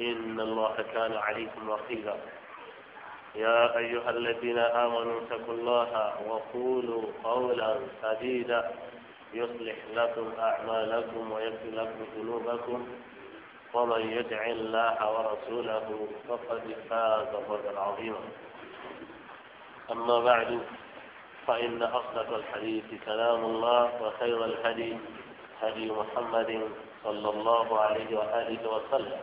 إن الله كان عليكم رقيبا يا أيها الذين آمنوا اتقوا الله وقولوا قولا سديدا يصلح لكم أعمالكم ويغفر لكم ذنوبكم ومن يدع الله ورسوله فقد فاز فوزا عظيما أما بعد فإن أصدق الحديث كلام الله وخير الهدي هدي محمد صلى الله عليه وآله وسلم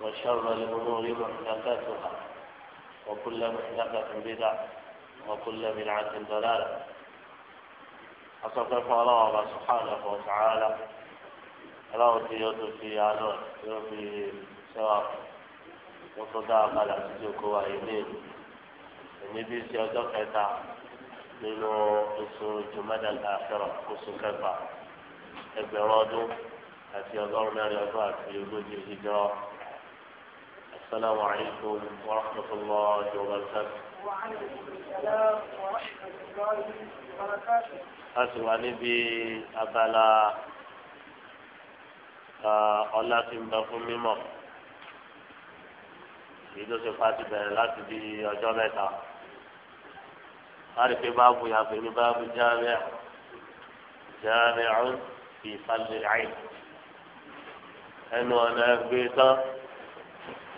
وشر الأمور محدثاتها وكل محدثة بدعة وكل بدعة ضلالة أصدق الله سبحانه وتعالى الله يوتي في عنون يوفي سواء وصداق على سجوك وإيمين النبي سيادق nínú oṣù jùmọ́dà àfẹ́rọ̀ oṣù kẹfà ẹgbẹ̀rún ọdún àti ọgọ́rùn-ún mẹ́rin ọdún السلام عليكم ورحمة الله وبركاته وعليكم السلام ورحمة الله وبركاته أسوأ نبي أبلا ọlá tí ń bẹ fún mímọ̀ èyí tó ṣe fàá ti bẹ̀rẹ̀ láti bí ọjọ́ mẹ́ta láti pé báàbù yàgbé ní báàbù jáàmẹ́ jáàmẹ́ ọ̀hún fi fàlẹ́ àyè ẹnu ọ̀nà ẹgbẹ́ tán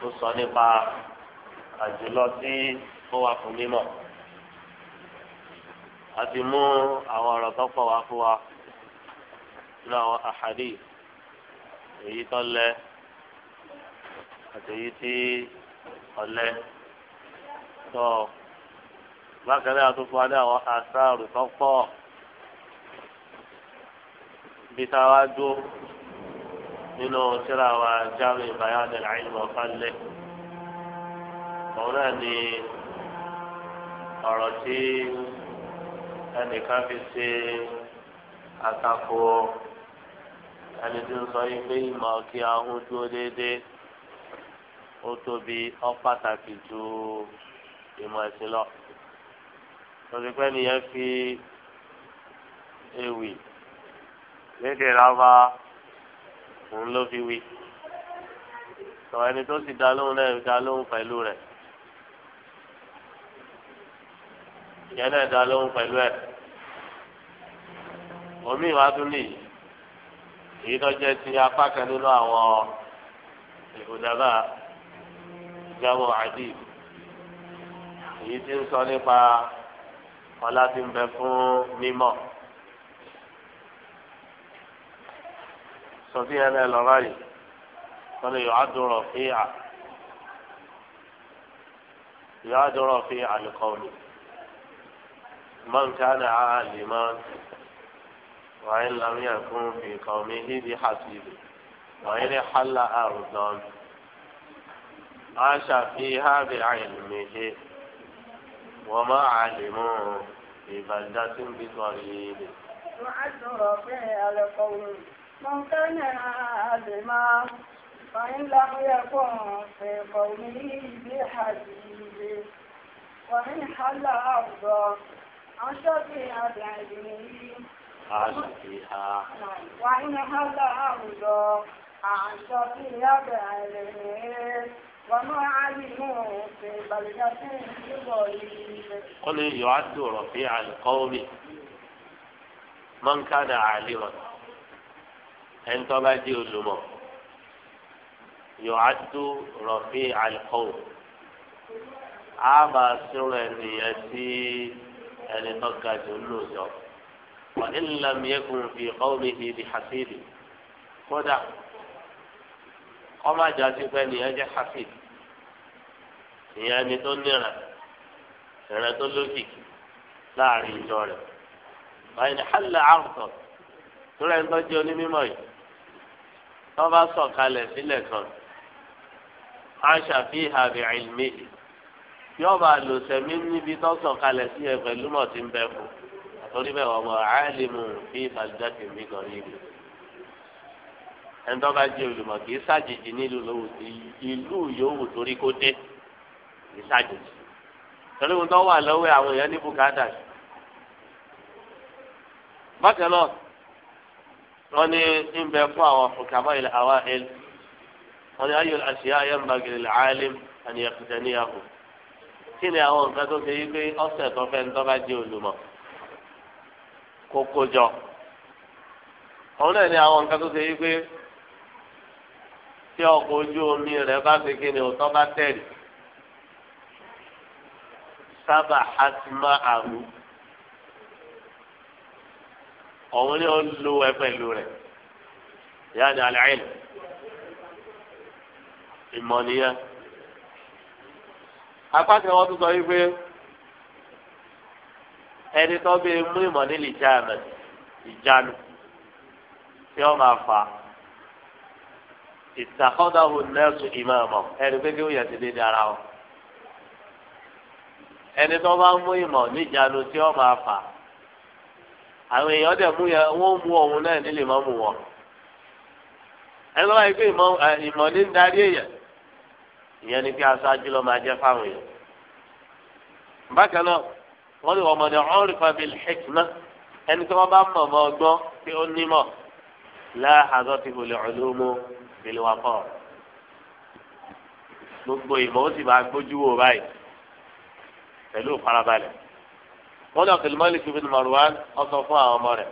tó sọ nípa àjùlọ tí ó wà fún mímọ̀ a ti mú àwọn ọ̀rọ̀ tó pọ̀ wá fún wa nínú àwọn àhàdì èyí tó lẹ àti èyí tí ọ̀lẹ tó bákan náà wa ní àwọn àṣà àrùtọ́pọ̀ bí táwa dúró nínú síra wa jáwé bayan al-ilm wa fadlihi òun náà ni ọ̀rọ̀ tí ẹnìkan fi ṣe àtakò ẹni tí ń sọ yìí pé ìmọ̀ kí ahọ́n dúró déédéé ó tóbi ó pàtàkì ju ìmọ̀ ẹ̀sìn lọ. lórí nìyẹn fi ewì lédè rábà òun ló fi wí sọ̀rọ̀ ẹni tó sì dá lóhùn náà dá lóhùn pẹ̀lú rẹ̀ ìyẹn náà dá lóhùn pẹ̀lú ẹ̀ omi ìwà tún nìyí èyí tó jẹ́ ti apá kan nínú àwọn ìbùdàbà ìjábọ̀ àdì èyí tí ń sọ nípa ọlá tí ń bẹ fún mímọ́. sọfíà náà lọ́ra yìí wọ́n lè yọ àdúrà fíà yọ àdúrà fíà àlùkọ́ọ̀lù man kana aliman wa in lam yakun fi qawmihi bi hasib wa in halla ardan عاش فيها بعلمه وما علموه في بلدة بطريق وعشر فيها لقوم ممتنعا لما فإن لم يكن في قومه بحديد وإن حل أرضا عن شفيعة علمه نعم. وإن حل أرضا عن شفيعة علمه وما علموا في بلدة بغير قل يعد رفيع القوم من كان عالما ẹni tó bá jẹ́ olùmọ̀ yóò á tó rọ̀fí àlùkọ́wò á máa sọ̀rọ̀ ènìyàn sí ẹni tó ga jù lóòjọ́ wà ìlànà yẹkùn fi ọ̀rọ̀ ìdí hasidi kódà ọmọ àjọ àti pẹ́ nìyẹn jẹ́ hasidi ìyẹn ẹni tó níra ìrìn tó lókìkì láàrin ìjọ rẹ̀ báyìí ni hàlẹ́ àrùtọ̀ tó rẹ̀ ń tọ́jú yìí tó bá sọ̀kalẹ̀ sílẹ̀ kan aṣa fi hàbí ìlmi yóò bá lò sẹ́mi níbi tó sọ̀kalẹ̀ sí ẹ pẹ̀lú mọ̀ tí ń bẹ fún torí bẹ́ẹ̀ wọ́n mọ̀ áìlìmù fi ìfàlùjáde mi kàn ní ìlú bá jẹ́ olùmọ̀ kì í ṣàjèjì nílùú lówó ìlú yòówù torí kó dé kì í ṣàjèjì torí wọn tó wà lọ́wọ́ àwọn èèyàn ní bùkátà bákan náà wọ́n ní ń bẹ fún àwọn fukama ilẹ̀ àwa el wọ́n ní ayọ̀ àṣìyá ayẹ̀m bagiri làálìm àni ẹ̀kútẹ̀ níyàwó kí ni àwọn nǹkan tó ṣe yí pé ọ̀sẹ̀ tó fẹ́ ń tọ́ba jẹ́ olùmọ̀ kókó jọ òun náà ní àwọn nǹkan tó ṣe yí pé tí ọkọ̀ ojú omi rẹ̀ bá ṣe kí ni òtọ́ bá tẹ̀lé sábà hatima àrùn òun ni ó ń lo ẹ pẹ̀lú rẹ̀ yáni alẹ́ ìmọ̀ nìyẹn apá kan wọ́n tún sọ wípé ẹni tó bí mú ìmọ̀ nílì jáàmù ìjánu tí wọ́n máa fà á ìtàkọ́dáwò nẹ́ẹ̀sù ìmọ̀ ẹni pé kí ó yẹ ti dé dára o ẹni tó bá mú ìmọ̀ níjánu tí wọ́n máa fà àwọn èèyàn dẹ̀ mú yẹn wọ́n mú ọ̀hún náà nílé mọ́ mú wọn. ẹni lọ́wọ́ yìí pé ìmọ̀ ní ń darí èèyàn ìyẹn ni pé aṣáájú lọ́ máa jẹ́ fáwọn èèyàn. bákan náà wọ́n lè ọmọdé ọ̀rìfà bíi hikma ẹni tí wọ́n bá mọ̀ mọ́ ọgbọ́n tí ó nímọ̀ láàárọ̀ ti wòlé ọ̀lọ́mọ bíi wà pọ̀. gbogbo ìmọ̀ ó sì máa gbójú wò báyìí pẹ̀lú ìfarabalẹ̀ wọn lọ kìlì mọ́lì kìbìlì Marwan ọsọ fún àwọn ọmọ rẹ̀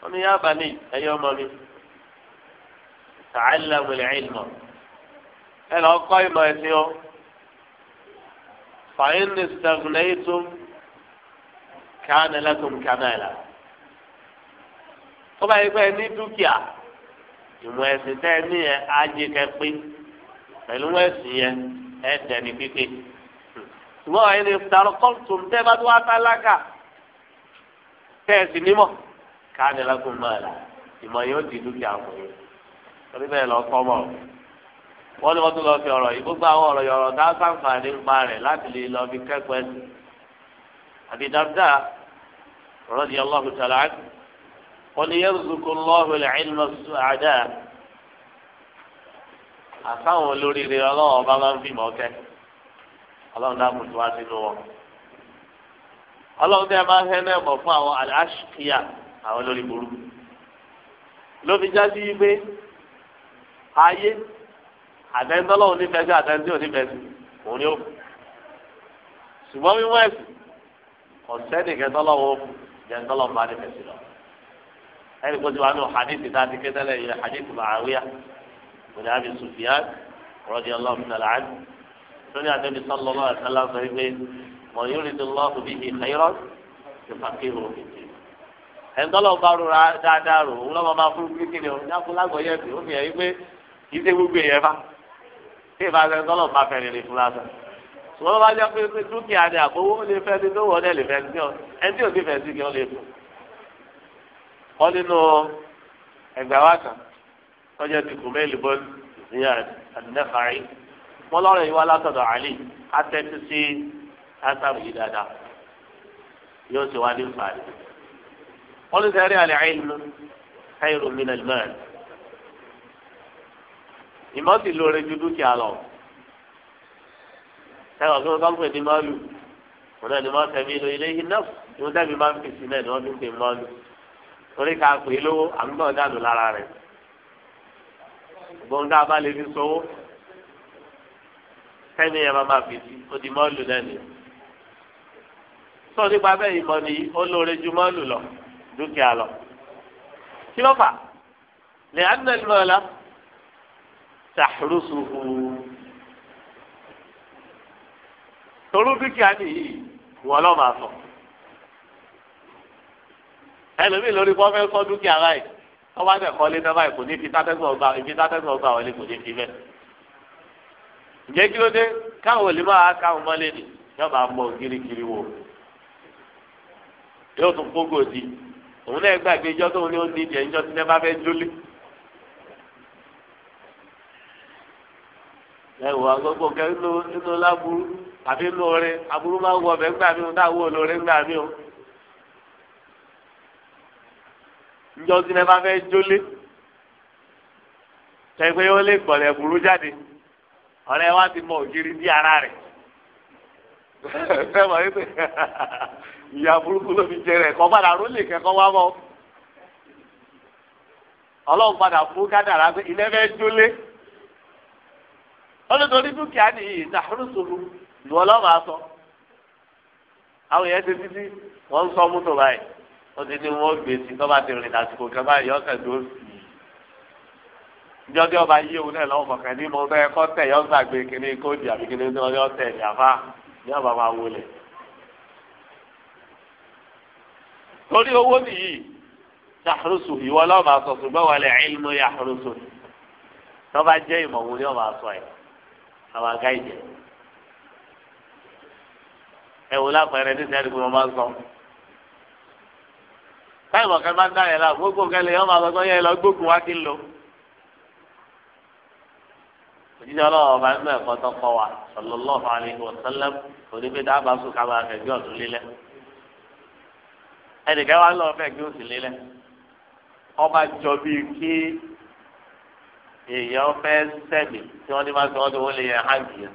wọn ni yáa bani ẹyẹ ọmọ mi ta'allamu al-ilma ẹ lọ kọ́ ìmọ̀ ẹ̀sìn o fàyín ní stagnation kánà lakum kamala tó bá yẹ pé ní dúkìá ìmọ̀ ẹ̀sìn tẹ́ ẹ ní ẹ ajé kẹ pé pẹ̀lú ẹ̀sìn yẹn ẹ dẹni pípé ṣùgbọ́n àyè lè darọ̀ kọ́ọ̀tù tẹ́ bá tó wá tálákà tẹ́ ẹ̀ sì nímọ̀ káàdì lágùn máa là ìmọ̀ yóò di dúkìá fún yín torí bẹ́ẹ̀ lọ kọ́ mọ̀ wọ́n ní wọ́n tún lọ fi ọ̀rọ̀ yìí gbogbo àwọn ọ̀rọ̀ yọ̀rọ̀ dá sáǹfààní ń pa rẹ̀ láti lè lọ fi kẹ́kọ̀ọ́ ẹ̀sìn àbí dáadáa rọ́ọ̀dì ọlọ́hu tàlá wọ́n ní yẹ́rù zukú lọ́hùn ìlmọ̀ àdáa àtàwọn olóríire ọlọ́wọ́ bá máa ń fi mọ̀ kẹ́kọ̀ọ́ ọlọ́run dá kùtù wá sínú wọn. ọlọ́run tẹ́ bá fẹ́ náà mọ̀ fún àwọn aláṣìkíyà àwọn lórí burúkú. ló fi já sí pé ayé àtẹnudọ́lọ́run nífẹ̀ẹ́ sí àtẹnudí onífẹ̀ẹ́ sí òun ni ó kù. ṣùgbọ́n wíwọ́n ẹ̀sìn ọ̀sẹ́ nìkẹ́ tọ́lọ́wọ́ jẹ́ tọ́lọ́wọ́ bá nífẹ̀ẹ́ sí lọ. ẹnì kó ti wá ní hadith tá a ti ké tẹ́lẹ̀ yẹ hadith Muawiya bin sórí àtẹ́bí sọ́lọ́ lọ́wọ́ àtàlà sọ wípé mọ̀ yóò rí ti lọ́ọ̀kù bí i xeyrọ́ ti fàkì rò kìtì. ẹ̀ńtọ́lọ́ bá rora dáadáa rò ń lọ́mọ máa fún kíkiri o dákú lágbọ̀ọ́yẹ̀ bí ó fi hàn wípé kì í ṣe gbogbo èèyàn fa tí ìbá ṣe ẹ̀ńtọ́lọ́ bá fẹ́ rere fún lásán. ṣùgbọ́n bá jẹ́ pé dúkìá ni àgbówó lè fẹ́ sí lówó ọ̀dẹ́ lè fẹ́ wọn lọ́rọ̀ yìí wá látọ̀dọ̀ àlè àtẹ́tí sí àtàrù yìí dáadáa yóò ṣe wá ní nfààní. wọ́n ní sẹ́rí àlẹ́ àìlú káyọ̀rọ̀ mi nà lẹ́ẹ̀. ìmọ̀ sì lóore ju dúkìá lọ. sẹ́wọ̀n kí wọ́n bá ń pè ní mọ́lù wọn náà ni wọ́n tẹ̀mí ìlú ilé yìí náà ìwọ́n tẹ̀mí máa ń fi sílẹ̀ ni wọ́n fi ń pè mọ́lù. torí ká pè é lówó àmì náà dànù lára rẹ̀. gbọ̀ngàn abá lè sọ́wọ́ kẹ́ni yẹn máa fi sí odi mọ́ọ̀lù náà ni. sọ nípa bẹ́ẹ̀ ìmọ̀ ni ó lóore ju mọ́ọ̀lù lọ dúkìá lọ. kí ló fà? lè ánàlùmọ́ọ̀lá tàhùrùsùhù. torú dúkìá nìyí wọ́n lọ́ máa sọ. ẹlòmíì lórí pọ́fẹ́ sọ dúkìá láì tọ́wádẹ́ kọ́lé náà báyìí kò ní fi tátẹ́gbọ̀n gbà wọlé kò ní fi bẹ́ẹ̀ ǹjẹ́ ló dé káwọn olè máa káwọn mọ́lẹ̀ ni yóò máa mọ kirikiri wò yóò tún kókò di òun náà gbàgbé ijọ́ tóun ní ó ní ìdí ẹ̀yìn ijọ́ tí ní bá fẹ́ jólé. ẹ wò agbọ́gbọ́ kẹ́ ló inú láburú àbí inú ọ̀rẹ́ aburú máa ń wọ ọbẹ̀ ńgbà mí o náà wọ olóore ńgbà mí o. ijọ́ tí ní bá fẹ́ jólé tẹ̀gbẹ́ yóò lè gbọ̀lẹ̀ burú jáde. ọ̀rẹ́ wa ti mọ òjìrí bí ara rẹ̀ fẹ́mọ̀ yìí pé ìyá burúkú ló fi jẹrẹ kọ́ padà rólè kẹ́kọ́ wá mọ́ ọlọ́run padà fún kádàrá pé ilé fẹ́ jólé olùtọ́ni dúkìá lù ọlọ́run aṣọ àwọn ti títí wọ́n ń sọ mọ́tò báyìí wọ́n ti ní wọ́n gbèsè tó bá ti rìn lásìkò báyìí ọ̀sẹ̀ tó sì jọjọ ọba yé òun náà lọ́wọ́ kọ̀ọ̀kan ní mo fẹ́ kọ́ tẹ̀ yọ gbàgbé kíní kóòdì àbí kíní tí wọ́n yọ tẹ̀ yàfa ní ọba máa wọlé. torí owó nìyí yàhùrùsù ìwọ lọ́wọ́ máa sọ ṣùgbọ́n wà lẹ̀ yàhùrùsù tọ́ba jẹ́ ìmọ̀ òun ni ọba sọ ẹ̀ àwọn àga ìjẹ́ ẹ wò lápẹẹrẹ ní sẹ́yìn kí wọ́n máa sọ. táyì mọ̀kẹ́ máa ń dá yẹn lá gbogbo kẹ́lẹ́ yọ máa sọ pé yẹn lọ gbógun wá òjijì ọlọ́run ọba nínú ẹ̀kọ́ tó kọ́ wa sallallahu alaihi wa sallam onígbé dábàá sùn kábàá kẹ̀kẹ́ ọ̀tún lílẹ̀ ẹnìkan wà lọ́wọ́ fẹ́ kí ó sì lílẹ̀ ọba jọ bíi kí èèyàn fẹ́ sẹ́mi tí wọ́n ní máa sọ ọdún wọn lè yẹ hàǹkì yẹn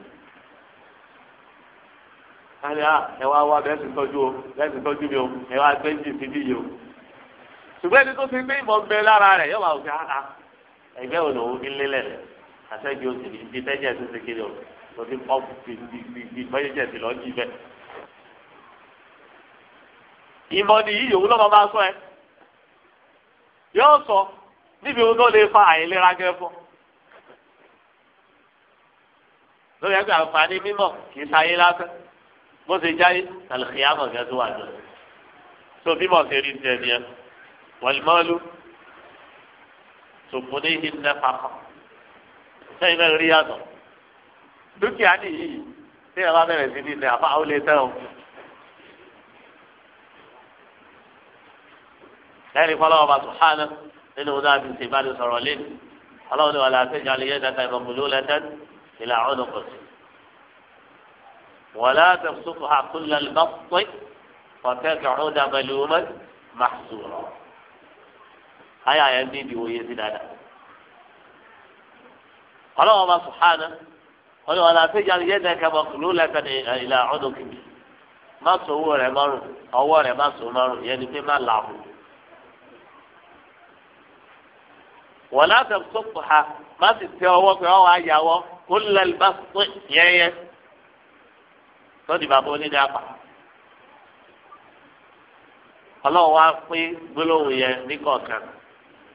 kárí à ẹ wá wá bẹ́ẹ̀ sì tọ́jú o bẹ́ẹ̀ sì tọ́jú mi o ẹ wá gbé jì sí bí yìí o ṣùgbọ́n ẹni tó ti gbé ìbọn gbé lára rẹ̀ yóò máa wù kí ẹgbẹ́ òun àṣẹjù ó sì ní ibi tẹ́jẹ̀ tó ṣe kéde o ti pọ́ gbìgbìgbì mẹ́jẹ̀ sí lọ́ọ́ jí bẹ́ẹ̀. ìmọ̀ ni yìí òun lọ́mọ bá sọ ẹ yóò sọ níbi ohun tó lè fa àìlera gẹ́ fún. lórí ẹgbẹ́ àǹfààní mímọ̀ kì í sáyé lásán bó ṣe jáyé àlùkìyàmọ̀ gẹ́ tó wà jọ. so mímọ̀ ṣe rí tiẹ̀ nìyẹn wàlúmọ́lú tòkùnrin ní nẹ́fà kan sẹ́yìn náà rí yàtọ̀ dúkìá nìyí tí ẹ bá bẹ̀rẹ̀ sí ní ilẹ̀ àfa ó lè tẹ́ o. lẹ́yìn kọ́ lọ́wọ́ bàtú hánà nínú ọdún àti ìsìnbáni sọ̀rọ̀ lẹ́nu ọlọ́run ni wà láti ṣe àlẹ́ yẹn dáta ìbọn bùlú lẹ́tẹ́n ìlà ọ̀nà kò sí. wọ́n láti sọ́kù àkúlẹ̀ lọ́pẹ́ ọ̀tẹ́ kẹ̀hún dàbẹ̀lú mọ́ màṣúrọ̀. ayé àyẹ̀ ń dín ìdíwòye sí dáadáa ọlọ́wọ́n bá sùhánà ọlọ́wọ́n la fẹ́ jáde yẹ́dẹ́ kẹ́mọ́ kùlú lẹ́kàn ìlà ọdún kìí má sọ owó rẹ̀ márùn ọwọ́ rẹ̀ má sọ márùn yẹn ni pé má làwù. wọ́n láti sọ́kù ha má sì tẹ ọwọ́ pé ọwọ́ ayàwọ́ kó lẹ́lẹ́ bá sọ yẹ́yẹ́ tọ́jú bàbá onídàá pa ọlọ́run wá pín gbólóhùn yẹn ní kọ̀ọ̀kan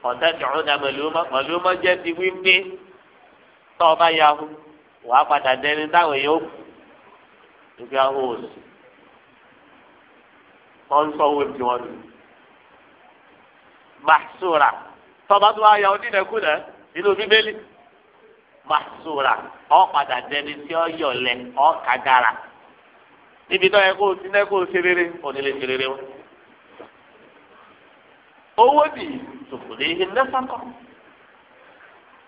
ọ̀tẹ́ tìrún dá màlúmọ́ màlúmọ́ jẹ́ ti wí pé tọ́ ọ bá yahu wàá padà dẹni táwọn èèyàn ó nígbà hóòsì wọ́n ń sọ màṣúra tó wáá nínú bíbélì màṣúra ọ padà dẹni tí ọ yọ̀lẹ̀ ọ níbi kó kó ṣe rere ní lè ṣe rere wọn. owó bì tòkòlè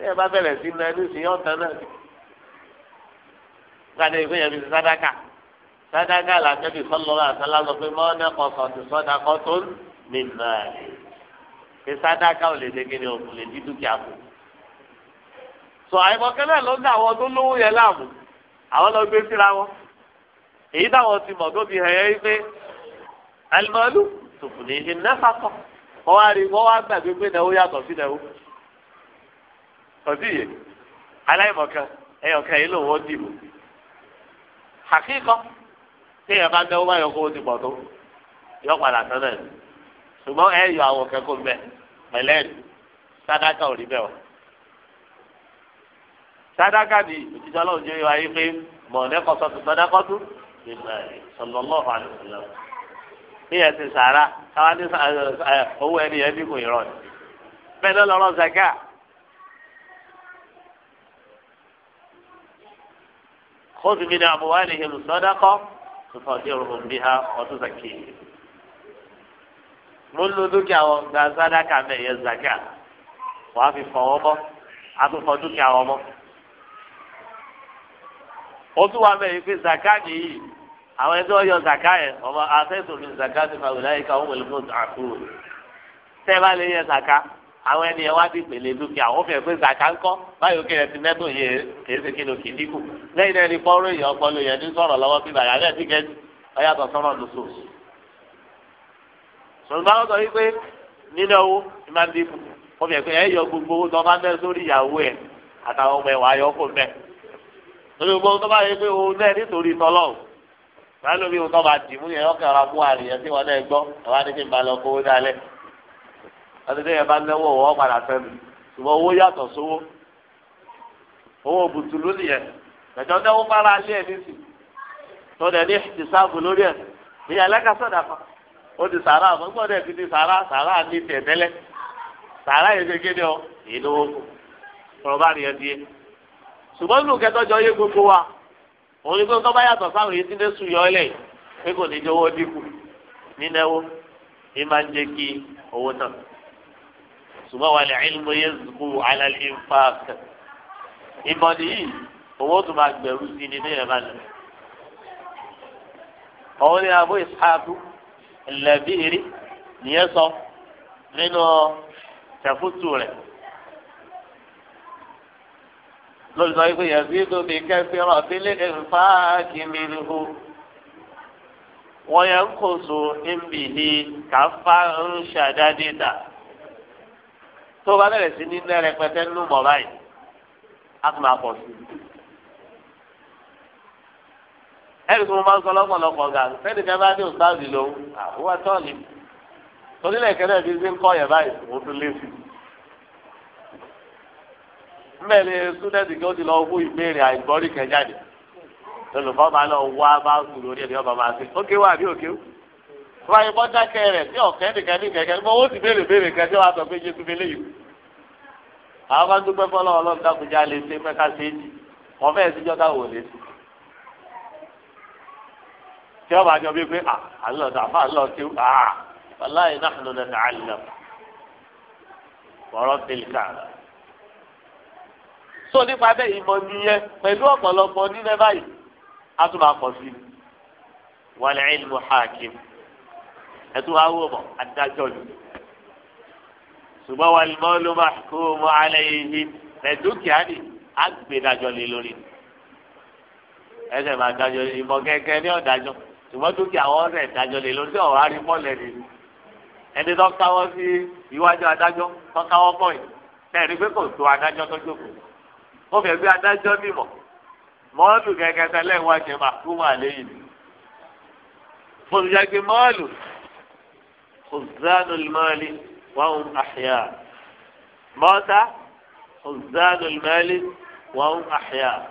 tí ẹ bá bẹ̀rẹ̀ sí na ẹni sìn yọ̀ tán náà gbadé ìwé yẹn fi sadaka sadaka la tẹ́bi sọlọ́lá àtàlá lọ pé mọ́ ọ́nà kọ̀sọ̀ ti sọ́dà kọ́ tó ní náà pé sadaka ò lè dégé ni òkú lè dídú kí a kù. sọ àìmọ̀kẹ́lẹ́ ló ń dá àwọn tó lówó yẹn láàmú àwọn lọ gbé síra wọn èyí táwọn ti mọ̀ tó fi hẹ̀ yẹ́ pé alimọ́lù tòkùnrin ṣe nẹ́fà kọ́ wá rí wọ́n wá gbàgbé pé náà ó yàtọ̀ sí náà ó kọ̀síye aláìmọ̀kan ẹyọ̀kan yìí lòun ó dìbò àkíkọ́ tí èèyàn bá dẹ́wọ́ báyọ̀ kó o ti pọ̀ tó yọ padà tán náà ṣùgbọ́n ẹ yọ àwọn kẹ́kọ̀ọ́ mbẹ pẹ̀lẹ́ ẹ̀ sádàkà ò rí bẹ́ẹ̀ wá sádàkà ni òtítọ́ ọlọ́run jẹ́ wáyé pé mọ̀ọ́nẹ́kọ̀sọ́ tó sádàkọ́tù sallallahu alaihi wasallam bí ẹ ti sàrà káwá ní owó ẹni yẹn dínkù ìrọ̀ bẹ́ẹ̀ lọ́lọ́rọ̀ zakat. خذ من أموالهم صدقة تطهرهم بها وتزكيهم múlò dúkìá wọn gba sádàkà mẹyẹ zakia wàá fi fọ wọn mọ àtúfọ dúkìá wọn mọ ó tún wà mẹyìn pé zakia nìyí àwọn ẹni tí wọn yọ zakia yẹn ọmọ àfẹsùn mi zakia ti fa wìláyìí ká wọn wọlé fún àkúrò tẹ bá lè yẹ zakia àwọn ènìyàn wá ti pèlè dúkìá àwọn fẹẹ pé zaka ńkọ báyìí òkè ẹtì mẹtò yẹ kéésì kìlò kìdíkù lẹ́yìn náà ni pọrọ èèyàn ọpọlọ yẹn ní sọ̀rọ̀ lọ́wọ́ sí bàyà bẹ́ẹ̀ ti kẹsì ọyàtọ̀ sọ̀rọ̀ lóṣù. sọlá wọn sọ wípé nínú owó ni máa ń dínkù wọn fi ẹgbẹ ẹyọ gbogbo owó tó bá ń bẹ sórí ìyàwó ẹ àtàwọn ọmọ ẹwà ayọ kò mẹ. torí gbogbo tó bá yẹ pé òun náà nítorí tọlọ́run báyìí lóbi òun tó bá dì mú yẹn ọkàn ara mú àríyàn tí wọn náà gbọ́ ẹwà ní kí n bá lọ kó dálẹ̀ ọdún tẹ́yẹ bá náwó wọ́n padà sẹ́nu ṣùgbọ́n owó yàtọ̀ sówó owó bùtùlù nìyẹn ẹ̀jọ̀ náwó para alẹ́ ẹ̀ nísì tó dẹ̀ ní ti sáàbù lórí ẹ̀ ìyá ẹlẹ́kàsọ̀dà kan ó ti sàrà àmọ́gbọ́n dẹ̀ fi ti sàrà sàrà ní tiẹ̀ tẹ́lẹ̀ sàrà yẹn ṣe kéde ọ èyí lówó kọ̀ ọ̀rọ̀ bá nìyẹn di yé ṣùgbọ́n nínú kẹtọ́jọ yé gbogbo wa òun ni gbogbo bá yàtọ̀ sáwọn èyí tí sùn yọ ẹlẹ́yìn pé kò ní jẹ́ owó dínkù nínáwó ní ń jẹ́ kí owó náà ṣùgbọ́n wà ní ilmu yézùbù alẹ́ ìfàk ìmọ̀ nìyí owó tó máa gbẹ̀rú sí ni ní ìrẹ̀mà lẹ̀. ọ̀hún ni abu ishaaku lẹ́bìrì nìyẹn sọ nínú tẹ̀fútù rẹ̀ lórí sọ pé yazidu bí kẹfìrọ̀ sílé ìfàk minhu wọ́n yẹ ń kóso ń bìí káfá ń ṣàdádé dà tó bá bẹ̀rẹ̀ sí ní ná rẹpẹtẹ nínú mọ̀ báyìí á tún máa pọ̀ sí i. ẹ̀rí tí mo máa ń sọ lọ́pọ̀lọpọ̀ gà sẹ́ni kẹ́ bá dé òsáàdì lòun àwọn tọ́ọ̀lì torílẹ̀ kẹ́lẹ́ bí ṣe ń kọ́ yẹ̀ báyìí òun tún lé sí i. mbẹ́ni súdẹ́ẹ̀tì kí ó ti lọ hú ìbéèrè àìgbọ́rí kẹjáde lọ́lùfọ́ máa lọ wá bá sùn lórí ẹni ọba máa ṣe ókè wà bí òkè wọ́n ayé bọ́ dákẹ́ rẹ̀ sí ọ̀kẹ́ nìkan ní kẹ̀kẹ́ mọ́ ó sì béèrè béèrè kẹ́ àwọn bá dúpẹ́ fọlọ́ ọlọ́run dákúnjá lè ṣe pẹ́ká séèjì wọ́n fẹ́ẹ́ síjọ́ táwọn ò lè sí. tí wọ́n bá jọ bí pé à àlọ́dà àfa àlọ́ọ̀kí à wàláyé náà ló lẹ́nu àlọ́ ọ̀rọ̀ tẹ̀lifà. sọ nípa bẹ́ẹ̀ ìmọ̀ nìyẹn pẹ̀lú ọ̀pọ̀lọpọ̀ nílẹ̀ báyìí a tún máa pọ̀ sí i wàlẹ́ ilmu hakim ẹ̀ tún wá wò ṣùgbọ́n wà lọ́lọ́ máa kó mọ alẹ́ yìí lẹ́dúkìá ni á gbé dájọ́ lé lórí ẹsẹ̀ máa dájọ́ ìmọ̀ kẹ́kẹ́ ní ọ̀dájọ́ ṣùgbọ́n dúkìá wọn rẹ̀ dájọ́ lé lórí tí ọ̀rọ̀ arímọ́lẹ̀ ni ẹni tó káwọ́ sí iwájú adájọ́ tó káwọ́ pọ̀ yìí tẹ̀rí pé kò tó adájọ́ tó jókòó ó fẹ́ gbé adájọ́ mímọ̀ mọ́ọ̀lù kẹ̀kẹ́ tẹ́lẹ̀ wájú máa kú mọ́ àlẹ́ yìí fòlùjáde mọ́ọ̀lù kò zánú mọ́ọ̀lì وهم أحياء مات حزان المال وهم أحياء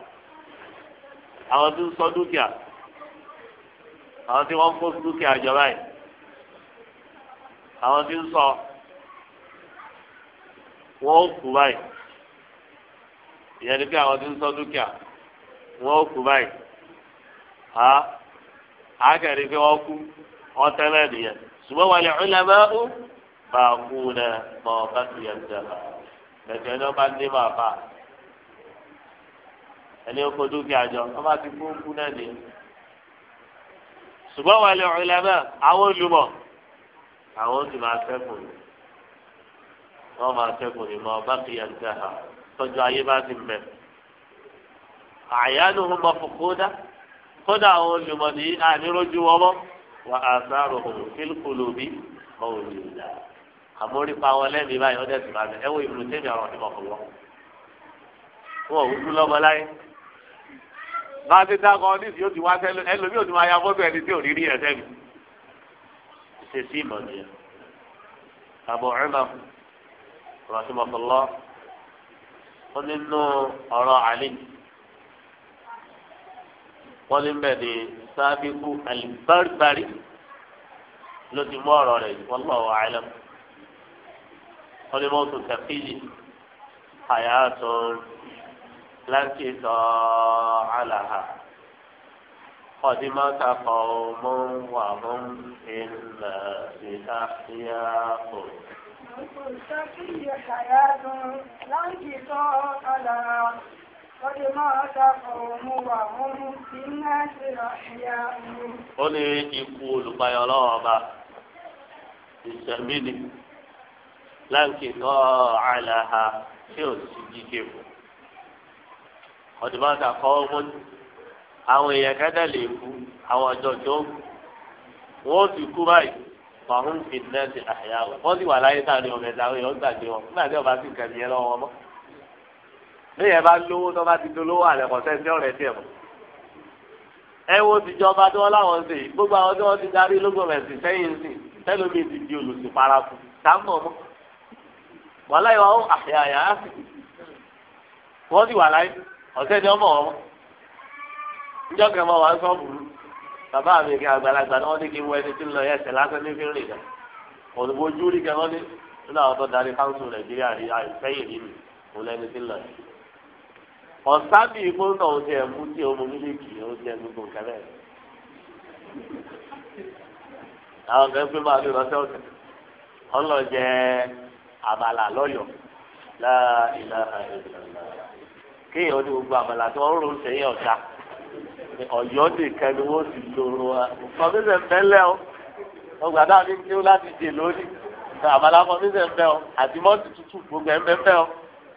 àwọn tí ń sọ dúkìá àwọn tí wọ́n ń kó dúkìá jọba yìí àwọn tí ń sọ wọ́n ó kú báyìí ìyẹn ni pé àwọn tí ń sọ dúkìá wọ́n ó kú báyìí á á kẹ́rin pé wọ́n kú wọ́n nìyẹn ṣùgbọ́n wàlẹ̀ ọ̀lẹ́mẹ́rún máa kú nẹ mọ bá ti yẹ jẹba bẹ̀tẹ̀ ni wọ́n bá dé bàbá ẹni ó kó dúkìá jọ wọ́n bá ti kú kú náà ni. ṣùgbọ́n wà lè rìn lẹ́mẹ̀ àwọn olùmọ̀ àwọn sì máa sẹ́kù ni wọ́n máa sẹ́kù ni mọ bá ti tọ́jú ayé bá ti mẹ́. àyánu mọ fòkó dá kódà àwọn olùmọ̀ ní ànírójú wọn mọ́ wà á sáré òun fílkùlù bí ọ̀hún ìlà àmórí pa wọn lẹ́mìí báyìí ọdẹ sì máa bẹ ẹ wo ìlú tẹ́mi ọ̀rọ̀ ìmọ̀ fún wọn. wọn ò wúlú lọ́mọ láyé. bá a ti dákọ̀ níbi yóò ti wá sẹ́lẹ̀ ẹlòmí ò ti máa ya fọ́tò ẹni tí ò rí rí ẹ sẹ́mi. ṣe sí ìmọ̀ nìyẹn. Abu Umar rahimahullah wọn nínú ọ̀rọ̀ àlè wọn ní bẹ́ẹ̀ ni sábìkú alìbárìbárì ló ti mú ọ̀rọ̀ rẹ̀ wọ́n lọ́wọ́ àìlẹ́mù wọ́n ní mọ́tò kẹfìlì àyàtọ̀ lákìtọ̀ àlàhà ọdí máa ta kọ ọmọ wà mọ ìlà ìta ìyá kò. ó ní ikú olùpayọ̀ lọ́wọ́ ọba ìṣẹ̀mí ni láǹkì kọ́ àlàhà tí ò sí jíjẹ fún. ọ̀dùnmáta kọ́ ọmọ àwọn èèyàn kẹ́tẹ́ lè kú àwọn ọjọ́ tó wọ́n ti kú báyìí fàhùn fìdínẹ́sì àyà wọ́n sì wà láyé sáà ní ọ̀gẹ̀dẹ̀ àwọn èèyàn gbàgbé wọn nígbà tí ọba sì ń kẹ̀mí ẹ lọ́wọ́ mọ́. lẹ́yìn bá lówó tó bá ti dolówó àlẹ́ kọ̀ọ̀sẹ́ sí ọ̀rẹ́ tiẹ̀ mọ́. ẹ wo tìjọba tí wọ́n láwọn ṣe gbogbo àwọn tí wọ́n ti darí lógún rẹ̀ sí sẹ́yìn sí tẹ́lómi ti di olùsìpara kù sáà mọ̀ mọ́ wàhálà yìí wà ó àyàyà wọ́n sì wà láyé ọ̀sẹ̀ ni ọmọ wọn níjọ́ kẹmọ wà sọ bùrù bàbá mi kí àgbàlagbà náà wọ́n ní kí wọ ẹni tí ń lọ ẹsẹ̀ lásán ní fínrìn náà òdìbò ojú rí kẹmọ ní nínú àwọn tó darí káńsù nàìjíríà rí àìsẹ́yìn rí mi òun lẹni tí ń lọ yẹn ọ̀sán bí ipò náà ó ti mú tí ọmọ mílíkì ó lè lọ sí ọ̀sẹ̀ àmàlà lọ́yọ̀ láìlà kéèyàn ó ní gbogbo àmàlà tí wọ́n rò sẹ́yìn ọ̀dà ọ̀yọ́ nìkan ni wọ́n sì lòrò wa kọ̀mísẹ̀ fẹ́lẹ́ o ọgbà náà ní kí ó láti dè lónìí àmàlà kọ̀mísẹ̀ fẹ́ o àti mọ́tì tútù gbogbo ẹ̀ fẹ́ o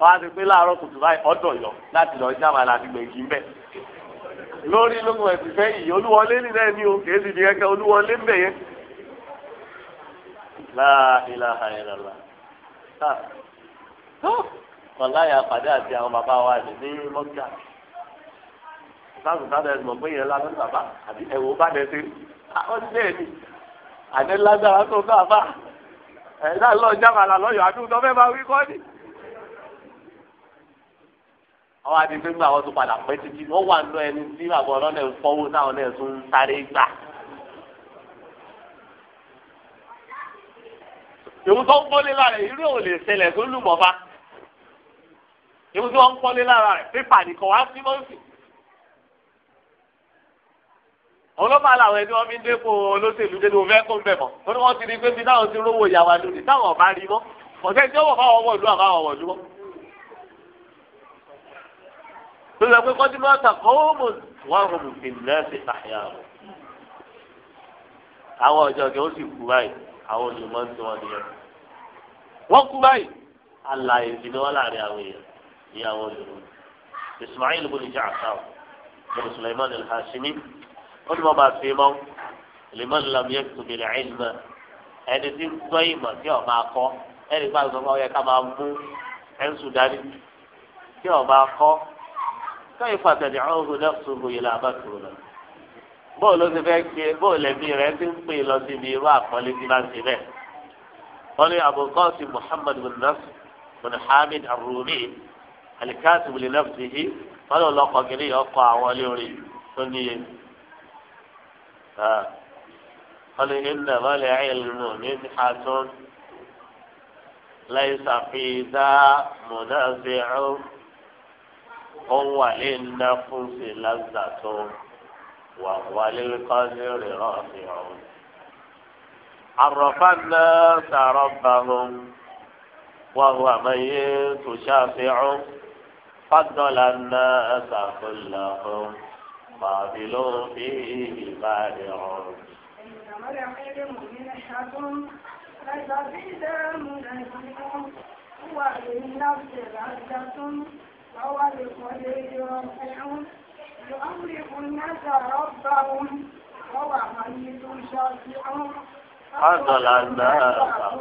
wọ́n á ti pé láàárọ̀ kùtù báyìí ọ̀dọ̀ yọ láti lọ sí àmàlà àti gbèǹgì ń lórí lóko ẹ̀sìn fẹ́ yìí olúwọlé nílẹ̀ ní o kèé sì ní kẹ́kẹ́ olúwọlé ń yẹn. láà ilà àyẹ̀lẹ̀ la kọláyà pàdé àti àwọn bàbá wa ní mọ́gà sáàtúntà ẹ̀ mọ̀ pé yẹn lánà bàbá àbí ẹ̀wò bá dẹ̀ sí àwọn sílẹ̀ ni àdé lágbára tó bàbá ẹ̀ náà lọ jábàlà lọ́yọ̀ àdúgbò fẹ́ máa wí kọ́ ni. àwọn àdìsí gbà wọn tún padà pẹ́ títí wọ́n wà ń lọ ẹni tí àbọ̀ ọlọ́dẹ̀ ń fọwọ́ táwọn náà tún sáré gbà. ìwú tó ń pọ́nlé lára rẹ̀ irú ò ṣẹlẹ̀ tó lùmọ̀ fa ìwú tó ń pọ́nlé lára rẹ̀ pépà nìkan wá sí mọ́sí. ọlọ́pàá làwọn ẹni wọn fi ń dépò olóṣèlú dédé wọn fẹ́ kó ń bẹ̀ mọ́ wọn wọ́n ti rí pé bí táwọn ti rówó ìyàwó lónìí táwọn ọ̀bá rí mọ́ ọ̀sẹ̀ tí ó wọ̀ fáwọn ọwọ́ ìlú àbáwọn ọwọ́ ìlú mọ́ àwọn olùmọ̀ tí wọ́n nìyẹn. wọ́n kú báyìí àlàyé ti ní wọ́n láàrin àwọn èèyàn ní àwọn olùmọ̀. ismail bùnú jẹ́ àṣàw bùnú suleiman al-hashimi wọ́n ní wọ́n bá fi mọ́ liman lam yaktub al-ilma ẹni tí ń gbọ́ ìmọ̀ tí ò máa kọ́ ẹni bá gbọ́ yẹ ká máa mú ẹ̀ńsù dání tí ò máa kọ́ kayfa tad'uhu nafsuhu ila makruh bóò ló ti fẹ́ pe bóò lẹ́bi rẹ̀ ti ń pè lọ síbi irú àkọlé tí bá ń ṣe bẹ́ẹ̀. wọ́n ní Abu Qasim Muhammad bin Nasr bin Hamid Ar-Rumi alikasi bin nafsihi wọ́n lọ lọ́kọ̀ kiri ọkọ̀ àwọn olórí tó níye. wọ́n ní iná wàlẹ̀ ilmu ní hatun laysa fi dá munazi'u wà lè nà fún sí lásìkò. وهو للقدر رافع عرف الناس ربهم وهو ميت شافع فضل الناس كلهم قابل فيه بارع هو للنفس عزة وهو للقدر رافع يؤلف الناس ربهم وهو حميد شافع حصل الناس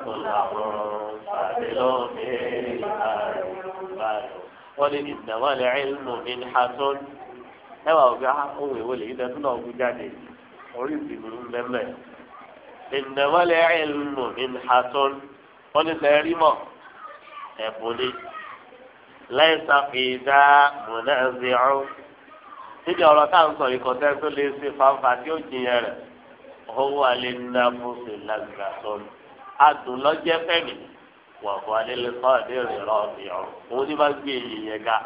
كلهم فادلوا فيه wọ́n ní ìdàmọ́ lè ilmu in hasan ẹ wà òbí ohun èwo lè yíta tún náà gbé jáde orí ìsìnkú mẹ́mẹ́ ìdàmọ́ lè ilmu in ní sẹ́rí mọ́ ẹ̀bùn ni láìsàkìdá mùnà zìrún níbi ọ̀rọ̀ tá à ń sọ ìkọ̀tẹ́ tó lè ṣe fanfa tí ó jiyàn rẹ̀ owó alẹ́ ńlá mọ́sẹ̀ lágbára sọ́nù adùn lọ́jẹ́ fẹ́mi wà fún alẹ́lẹ́kọ́ àdéhùn ìrọ̀ ọ̀sìn ọ̀rọ̀ òun ní bá gbé èyí ga.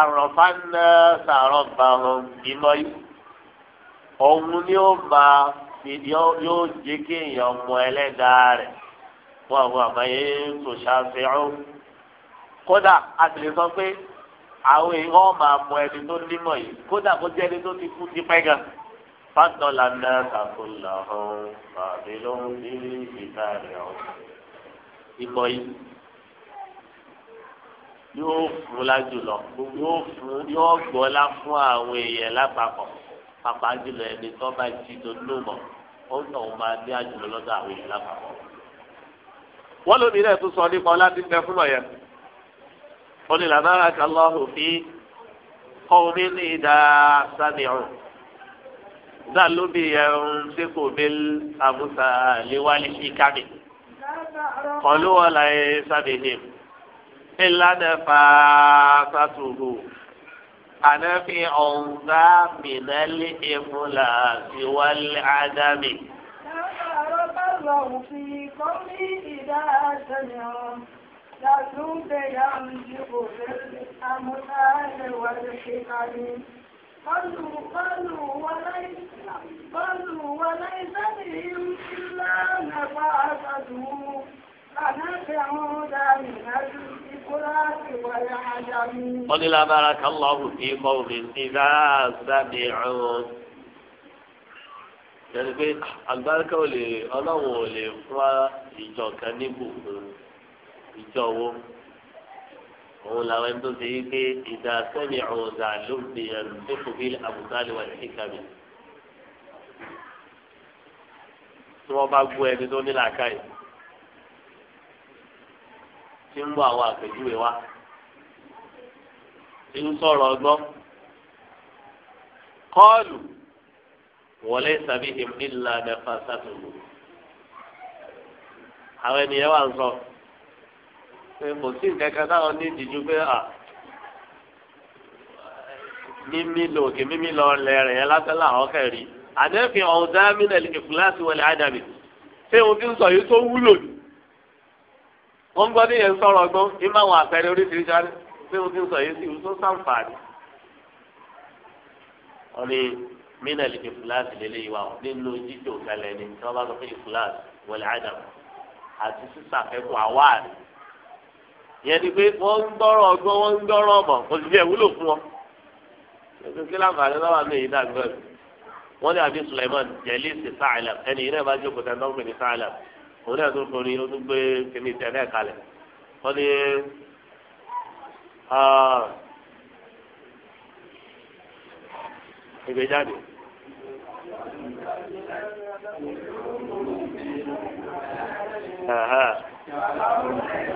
àròfà ńlá sàárọ̀ bá wọn bímọ yìí òun ni ó bá yóò jẹ́ kí èèyàn mọ ẹlẹ́dàá rẹ̀ wọ́n àwọn àmọ́ tó ṣàfihàn kódà a pé àwọn èèyàn wọn máa mọ ẹni tó nímọ̀ yìí kódà kó jẹ́ ẹni tó ti kú ti pẹ́ gan. fásitọ̀ lànà kàkúlà ọ̀hún bàbí ló ń bí ìta rẹ̀ ọ̀hún. ìmọ̀ yìí yóò fún la jùlọ yóò fún yóò gbọ́lá fún àwọn èèyàn lápapọ̀ pàpà jùlọ ẹni tó bá jí tó lómọ̀ ó nà ó máa ní àjùlọ lọ́dọ̀ àwọn èèyàn lápapọ̀. wọ́n lómi náà tún sọ nípa ọlá tí ń bẹ fún ọ̀yẹ́. قل لبارك الله في قوم إذا سمعوا ذلوا بينفقوا بالأمثال والحكم قالوا وليس بهم إلا نفاسته أنفي ذا من الإفلاس والعدم بارك الله في قوم إذا سمعوا لذوب ينجب للأمثال والحكم قالوا قالوا وليس قالوا وليس بهم قل بارك الله في قوم إذا سمعوا yẹn pé àgbáríkà ò lè ọlọ́run ò lè ìjọ wo òun làwọn ẹni tó ṣe yí pé ìdá sẹ́mi ọ̀dà ló ń bèèrè lóko bí àbùkálì wà ní kàmi. tí wọ́n bá gbọ́ ẹni tó ní làákàyè tí ń bọ́ àwọn àpèjúwe wa tí ń sọ̀rọ̀ ọgbọ́n kọ́ọ̀lù wọlé sàbí ìmúlẹ̀ mẹ́fà sàtúndù àwọn ènìyàn wà ń sọ pé kò sí nǹkan táwọn ní ìdíjú pé à mímí lòkè mímí lọ lẹ́rìn yẹn lásán làwọn kẹrì àdẹ́fin ọ̀dà mínẹ̀lì ìfúláṣí wọlé àdàbì ṣé ohun tí ń sọ yìí tó wúlò ni wọ́n gbọ́ ní yẹn sọ̀rọ̀ gbọ́n ní máa wọn àpẹẹrẹ oríṣiríṣi á ṣé ohun tí ń sọ yìí sì tó sàǹfààní. wọ́n ní mínẹ̀lì ìfúláṣí lélẹ́yìí wa nínú jíjò kalẹ̀ ni tí wọ́n bá sọ pé ìfúláṣí wọlé àdàbì àti sísàfẹ́kù àwáàrí ìyẹn ni pé wọ́n ń gbọ́rọ̀ ọgbọ́n wọ́n ń gbọ́rọ̀ ọmọ kò sì jẹ́ ìwúlò fún wọn. ṣé kí láǹfààní lọ́wọ́ àmì èyí dàgbẹ́ rẹ̀ wọ́n ní àbí Suleiman jẹ̀lí sí sáàlà ẹni ìrẹ́ bá jókòó tẹ̀ ẹ́ ní sáàlà òun náà tó forí ó tún gbé kíní tẹ̀ náà kalẹ̀ wọ́n ní ah, ìgbéjáde. Uh-huh.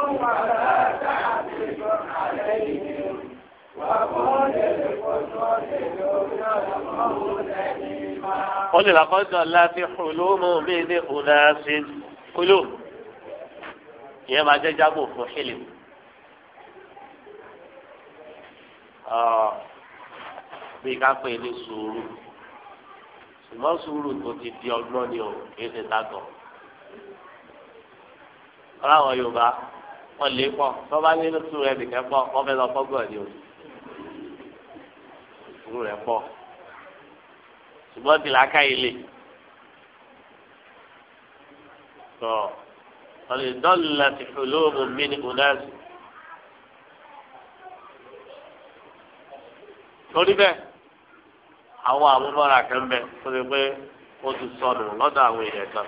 wọ́n lè lakọ́jọ́ láti xulómù mi ní ọ̀dàṣe kúlò ìyẹn máa jẹ́ jágbó fún xìlì. bí ká pè ní sùúrù ṣùgbọ́n sùúrù tó ti di ọgbọ́n ni o kì í ṣe tàtọ̀. ọ̀rọ̀ àwọn yorùbá wọ́n lè pọ̀ tó bá ní sùúrù ẹ̀ nìkan pọ̀ wọ́n fẹ́ lọ fọ́gbọ̀n ni o irú rẹ̀ pọ̀ ṣùgbọ́n tìlákà ilé tọ́ ọ̀lẹ́dọ́lá ti fòlóòmù mi ní kùnàṣì. torí bẹ́ẹ̀ àwọn àmúmọ́ra kan bẹ tó ṣe pé ó ti sọnù lọ́dọ̀ àwọn èèyàn kan.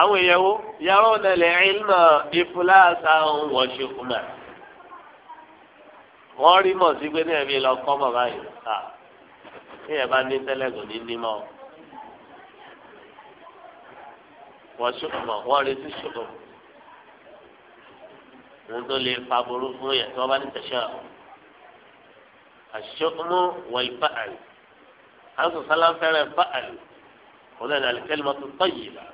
àwọn èèyàn wo yàrá ọ̀nà ilẹ̀ ìlú náà ìfúláṣà ń wọ̀ kùnà wọ́n rí mọ̀ sí pé ní ẹ̀mí lọ kọ́ mọ̀ báyìí à ní ẹ̀ bá ní tẹ́lẹ̀gùn ní nímọ̀ wọ́n ṣùkùmọ̀ wọ́n rí sí ṣùkùmọ̀ ohun tó lè fa burú fún yẹn tí wọ́n bá ní tẹ̀sán àṣọ́kùmọ̀ wọ̀lì fáàlì àwọn sọ̀sálà fẹ́rẹ̀ fáàlì wọ́n lẹ́nu àlùkẹ́lìmọ̀ tó tọ́yì la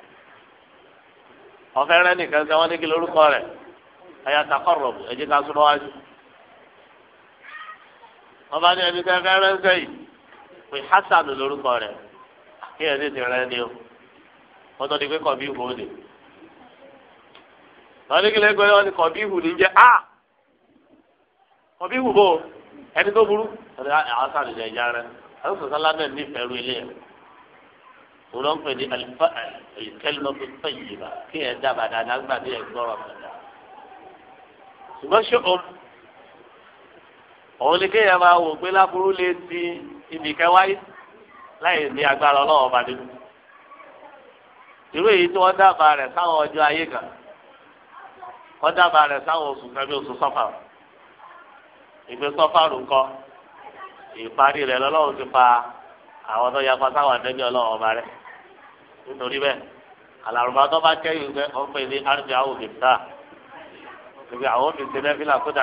ọ̀fẹ́rẹ́ nìkan sẹ́wọ́n ní kí lórúkọ rẹ̀ ẹ̀yà takọ̀rọ̀ ẹ̀jẹ̀ ká súnmọ́ wájú ọba ní ẹni kẹ́kẹ́ rẹ́ńsẹ́ yìí pé hasan lórúkọ rẹ̀ kí ẹ̀ tètè rẹ́ ni o wọ́n tọ́ di pé kọ̀bí ìhù ó lè wọ́n ní kí lẹ́gbẹ̀ẹ́ wọn ni kọ̀bí ìhù ní jẹ́ a ah! kọ̀bí ìhù bò ẹni tó burú ọ̀dọ̀ ah, hasan lè jẹ́ rẹ̀ àwọn sọ̀sọ́ lánàá nífẹ̀ẹ́ ru ilé rẹ̀ wọ́n lọ́n pè ní alifa ìkẹ́lọ́pù fẹ́yìí bá kí ẹ̀ dábàá dáadáa gbàdé ẹ̀ gbọ́rọ̀ kàdá ṣùgbọ́n ṣé òun òun ni kéèyàn máa wò pé láburú lè ti ibìkẹ́ wáyé láì ní agbára ọlọ́run ọba nínú. irú èyí tí wọ́n dábàá rẹ̀ sáwọn ọjọ́ ayé kan wọ́n dábàá rẹ̀ sáwọn oṣù kan bí oṣù sọ́fàrù. ìgbé sọ́fàrù ńkọ ìparí rẹ̀ lọ́lọ́run ti pa àwọn tó yapa sáwọn àdẹ́bí ọlọ́run ọba rẹ̀. nítorí bẹ́ẹ̀ alárùbá tó bá kẹ́yìn pé wọ́n pè ní rbi àwọn òbí ta ìgbé àwọn òbí ti lẹ́fílà kó dà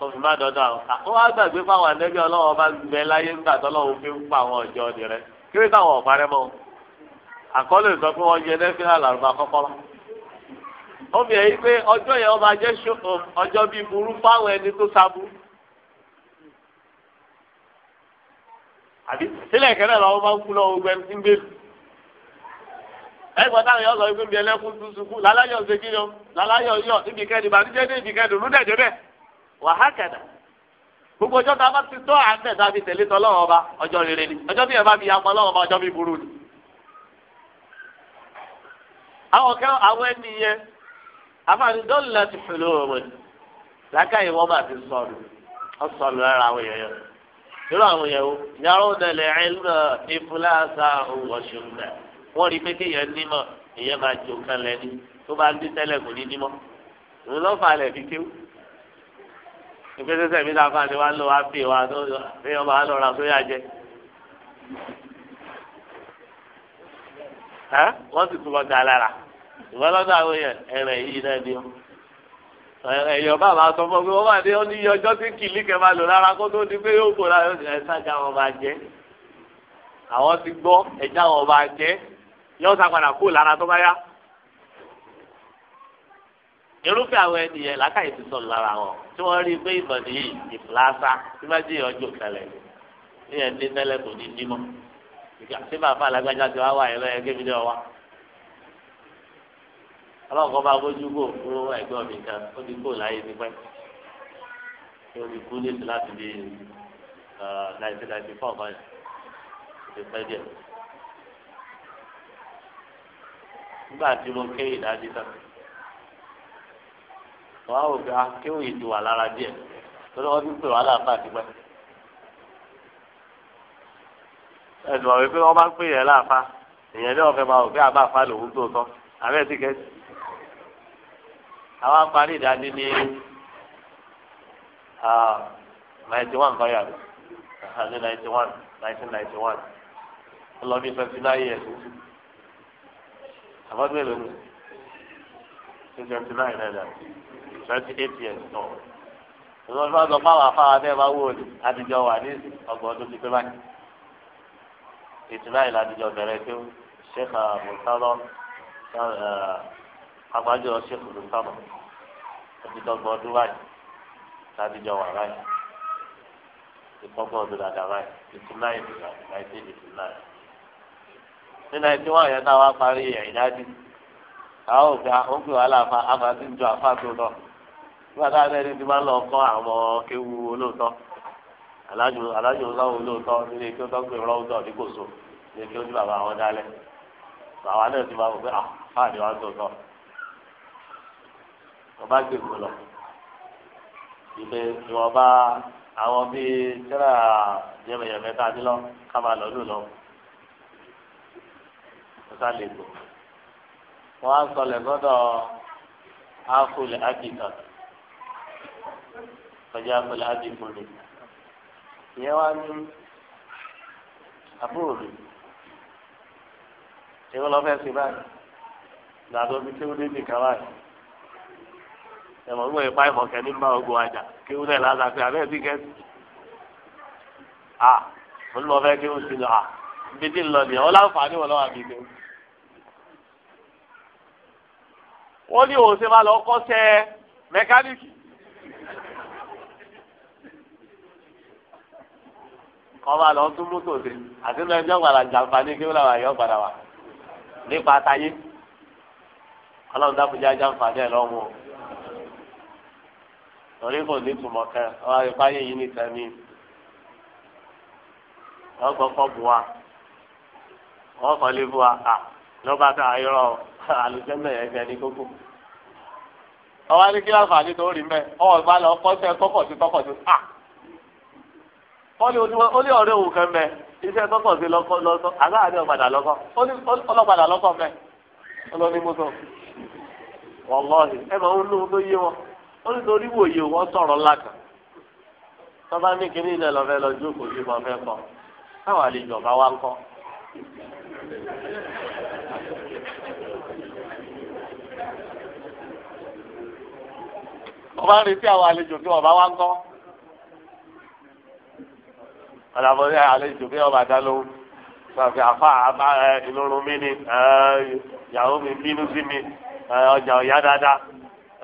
tó fi má dọ́dọ̀ àwọn. àwọn wá gbàgbé fáwọn anẹ́bí ọlọ́wọ́ bá gbẹ láyé ńgbà tọ́lọ́wọ́ fi ń pa àwọn ọjọ́ ni rẹ kéré táwọn ọ̀parẹ́ mọ́. àkọlé sọ pé wọ́n jẹ àlàrúbá kọ́kọ́rọ́. pé ọjọ́ yẹn ọba jẹ́ ọjọ́ bíi burú fáwọn ẹni tó àbí sílẹ̀ kẹ́lẹ́ lọ́wọ́ ń kú lọ́wọ́ gbẹ táwọn yọ sọ wàhákàdà gbogbo ọjọ́ tá a bá ti tọ́ àbẹ̀ tá a fi tẹ̀lé tọ́lọ́wọ́ ọba ọjọ́ rere ni ọjọ́ bí ẹ bá fi ya pọ̀ lọ́wọ́ ọba ọjọ́ bí burú ni. àwọn kan àwọn ẹni yẹn àfààní dọ́là ti fẹ́ lóore làákàyè wọn bá ti sọnù ọsọnù lára àwọn èèyàn yẹn irú àwọn èèyàn o yàrá òdàlẹ̀ ẹ̀ńdà ìfúláṣà òwò ṣùgbọ́n wọ́n rí pé kéèyàn nímọ̀ èèyàn máa jò lẹ́ni tó bá ń dín tẹ́lẹ̀ kò ní nímọ̀ òun lọ́fà lẹ̀ fi kéwù ìfẹsẹsẹ mi ta fún àti wa lọ wa pè wa tó fi ọba wa lọ ra sóyà jẹ ẹ wọn sì tún bọ ta lára ìwọ lọ́dọ̀ àwọn èèyàn ẹrẹ yìí náà ni ọ ẹyọ bá máa sọ fún mi wọn bá ní ọ ní iye ọjọ́ tí kìlí kẹ máa lò lára kó tó di pé yóò kó lára ẹ sájà wọn máa jẹ àwọn ti gbọ́ ẹjá wọn máa jẹ yóò sá padà kó lára tó bá yá irúfẹ́ àwọn ènìyàn làákàyè ti sọ̀rọ̀ lára wọn tí wọ́n rí i pé ìmọ̀ nìyí ìfúláṣá tí wọ́n jẹ́ ọjọ́ kẹlẹ̀ ní ẹ̀ ní tẹ́lẹ̀ kò ní nímọ̀ tí bàbá alágbájá ti wá wà yẹn lọ́yẹ kébi ní ọwá. ọlọ́run kan bá bójú kò fún ẹ̀gbọ́n mi kan ó ti kó láyé ti pẹ́ ó ti kú ní láti di nineteen ninety four kan ti pẹ́ díẹ̀. nígbà tí mo ké ìdájí tán wàá wò pé akéwì ah, yìí ti wà lára díẹ̀ torí wọ́n ti ń pè wá láàfáà tipẹ́. ẹnu àwọn ìpè wọn bá ń pè yẹn láàfáà èèyàn ní ọ̀fẹ́ máa wò pé àbáfáà lòun tó tán àbẹ́ ti kẹ́sì. àwọn apárí ìdání ní ninety one kan yàrá ní ninety one nineteen ninety one ọlọ́bí twenty nine years àbọ̀dún mélòó ni twenty nine náírà twenty eight years tọ̀ ìwọ́n fún ọgbọ́n fáwọn afáwọn abẹ́ máa wò ní àtijọ́ wà ní ọgbọ̀n tó ti pé báyìí ìtura ìlà eh, àtijọ́ bẹ̀rẹ̀ sheikh mùsàlọ́ àgbájọ sheikh mùsàlọ́ àtijọ́ gbọ́n ọdún báyìí àtijọ́ wà báyìí ìkọ́gbọ́n ọdún dàda báyìí ìtura ìlà àti ìtura ìlà nínú ẹtí wọn yẹn náà wá parí ẹ̀yìn dájú àwọn òfin àwọn òfin wàhálà àfa àfa ti ń ju àfa tó lọ. nígbà tá a ma máa lọ kọ àwọn kéwu olóòótọ́ alájò alájò sáwọn olóòótọ́ nílé kí ó tọ́ pé rọ́ọ̀tọ̀ ní kò so ní kí ó ti bàbá wọn bàbá náà ti máa wò pé àfáà tó ọba gbé kó lọ àwọn bíi yẹmẹyẹmẹ tá a ní lọ ká máa lọ lù lọ lè gbò á ákìtàn. ọjà pẹ̀lú àdìgbò rẹ̀ ìyẹn wá ní àbúrò rẹ̀ ìwọ lọ fẹ́ sí báyìí gbàdọ̀ bí kéwú débi kan báyìí ẹ̀mọ̀ wíwọ̀ ìpá ìmọ̀kẹ́ ní bá ogun àjà kéwú náà lásàkè àbẹ́ bí kẹ́sì à ń lọ fẹ́ kéwú sí lọ à bí tí lọ nìyẹn wọ́n láǹfààní wọn lọ́wọ́ àbí kéwú. wọ́n ní òun ṣe máa lọ kọ́ṣẹ́ mẹkáníìkì. kọ́ máa lọ tún mọ́tò sí àti ní ẹjọ́ padà jàǹfààní kí wọ́n làwọn àyọ̀ padà wà nípa tayé ọlọ́run dábòjá jàǹfààní ẹ̀ lọ́wọ́ torí kò ní tùmọ̀ kẹ́ ọ́ ìpáyé yìí ní tẹ̀mí wọ́n kọ́ kọ́ bu wa wọ́n kọ́ lé bu wa à lọ́ba ká ayọ́rọ̀ àlùjẹ́mẹ̀ yẹn fẹ́ ní kókó. ọwọ́ ní kí láǹfààní tó rí mẹ́ ọ̀ ìbálẹ̀ ọkọ̀ tẹ kọ́kọ̀ sí kọ́kọ̀ sí à. wọ́n ní ojúmọ́ ó ní ọ̀rẹ́ òun kan mẹ́ iṣẹ́ tọ́kọ̀ sí lọ́kọ́ lọ́sọ́ aláàánú ọ̀padà lọ́kọ́ ọlọ́padà lọ́kọ́ mẹ́ ọlọ́ni wọ́lọ́ọ̀hì ẹ máa ń tó yé wọn ó ní torí ọba wa ń kọ́. ọba ń retí àwọn ọ̀làbọ̀ ní àlejò bí ọba dá lóhùn sọ̀fì àfa àbá ẹ ìlọrun mi ni ẹ ìyàwó mi bínú sí mi ẹ ọjà ọ̀yá dáadáa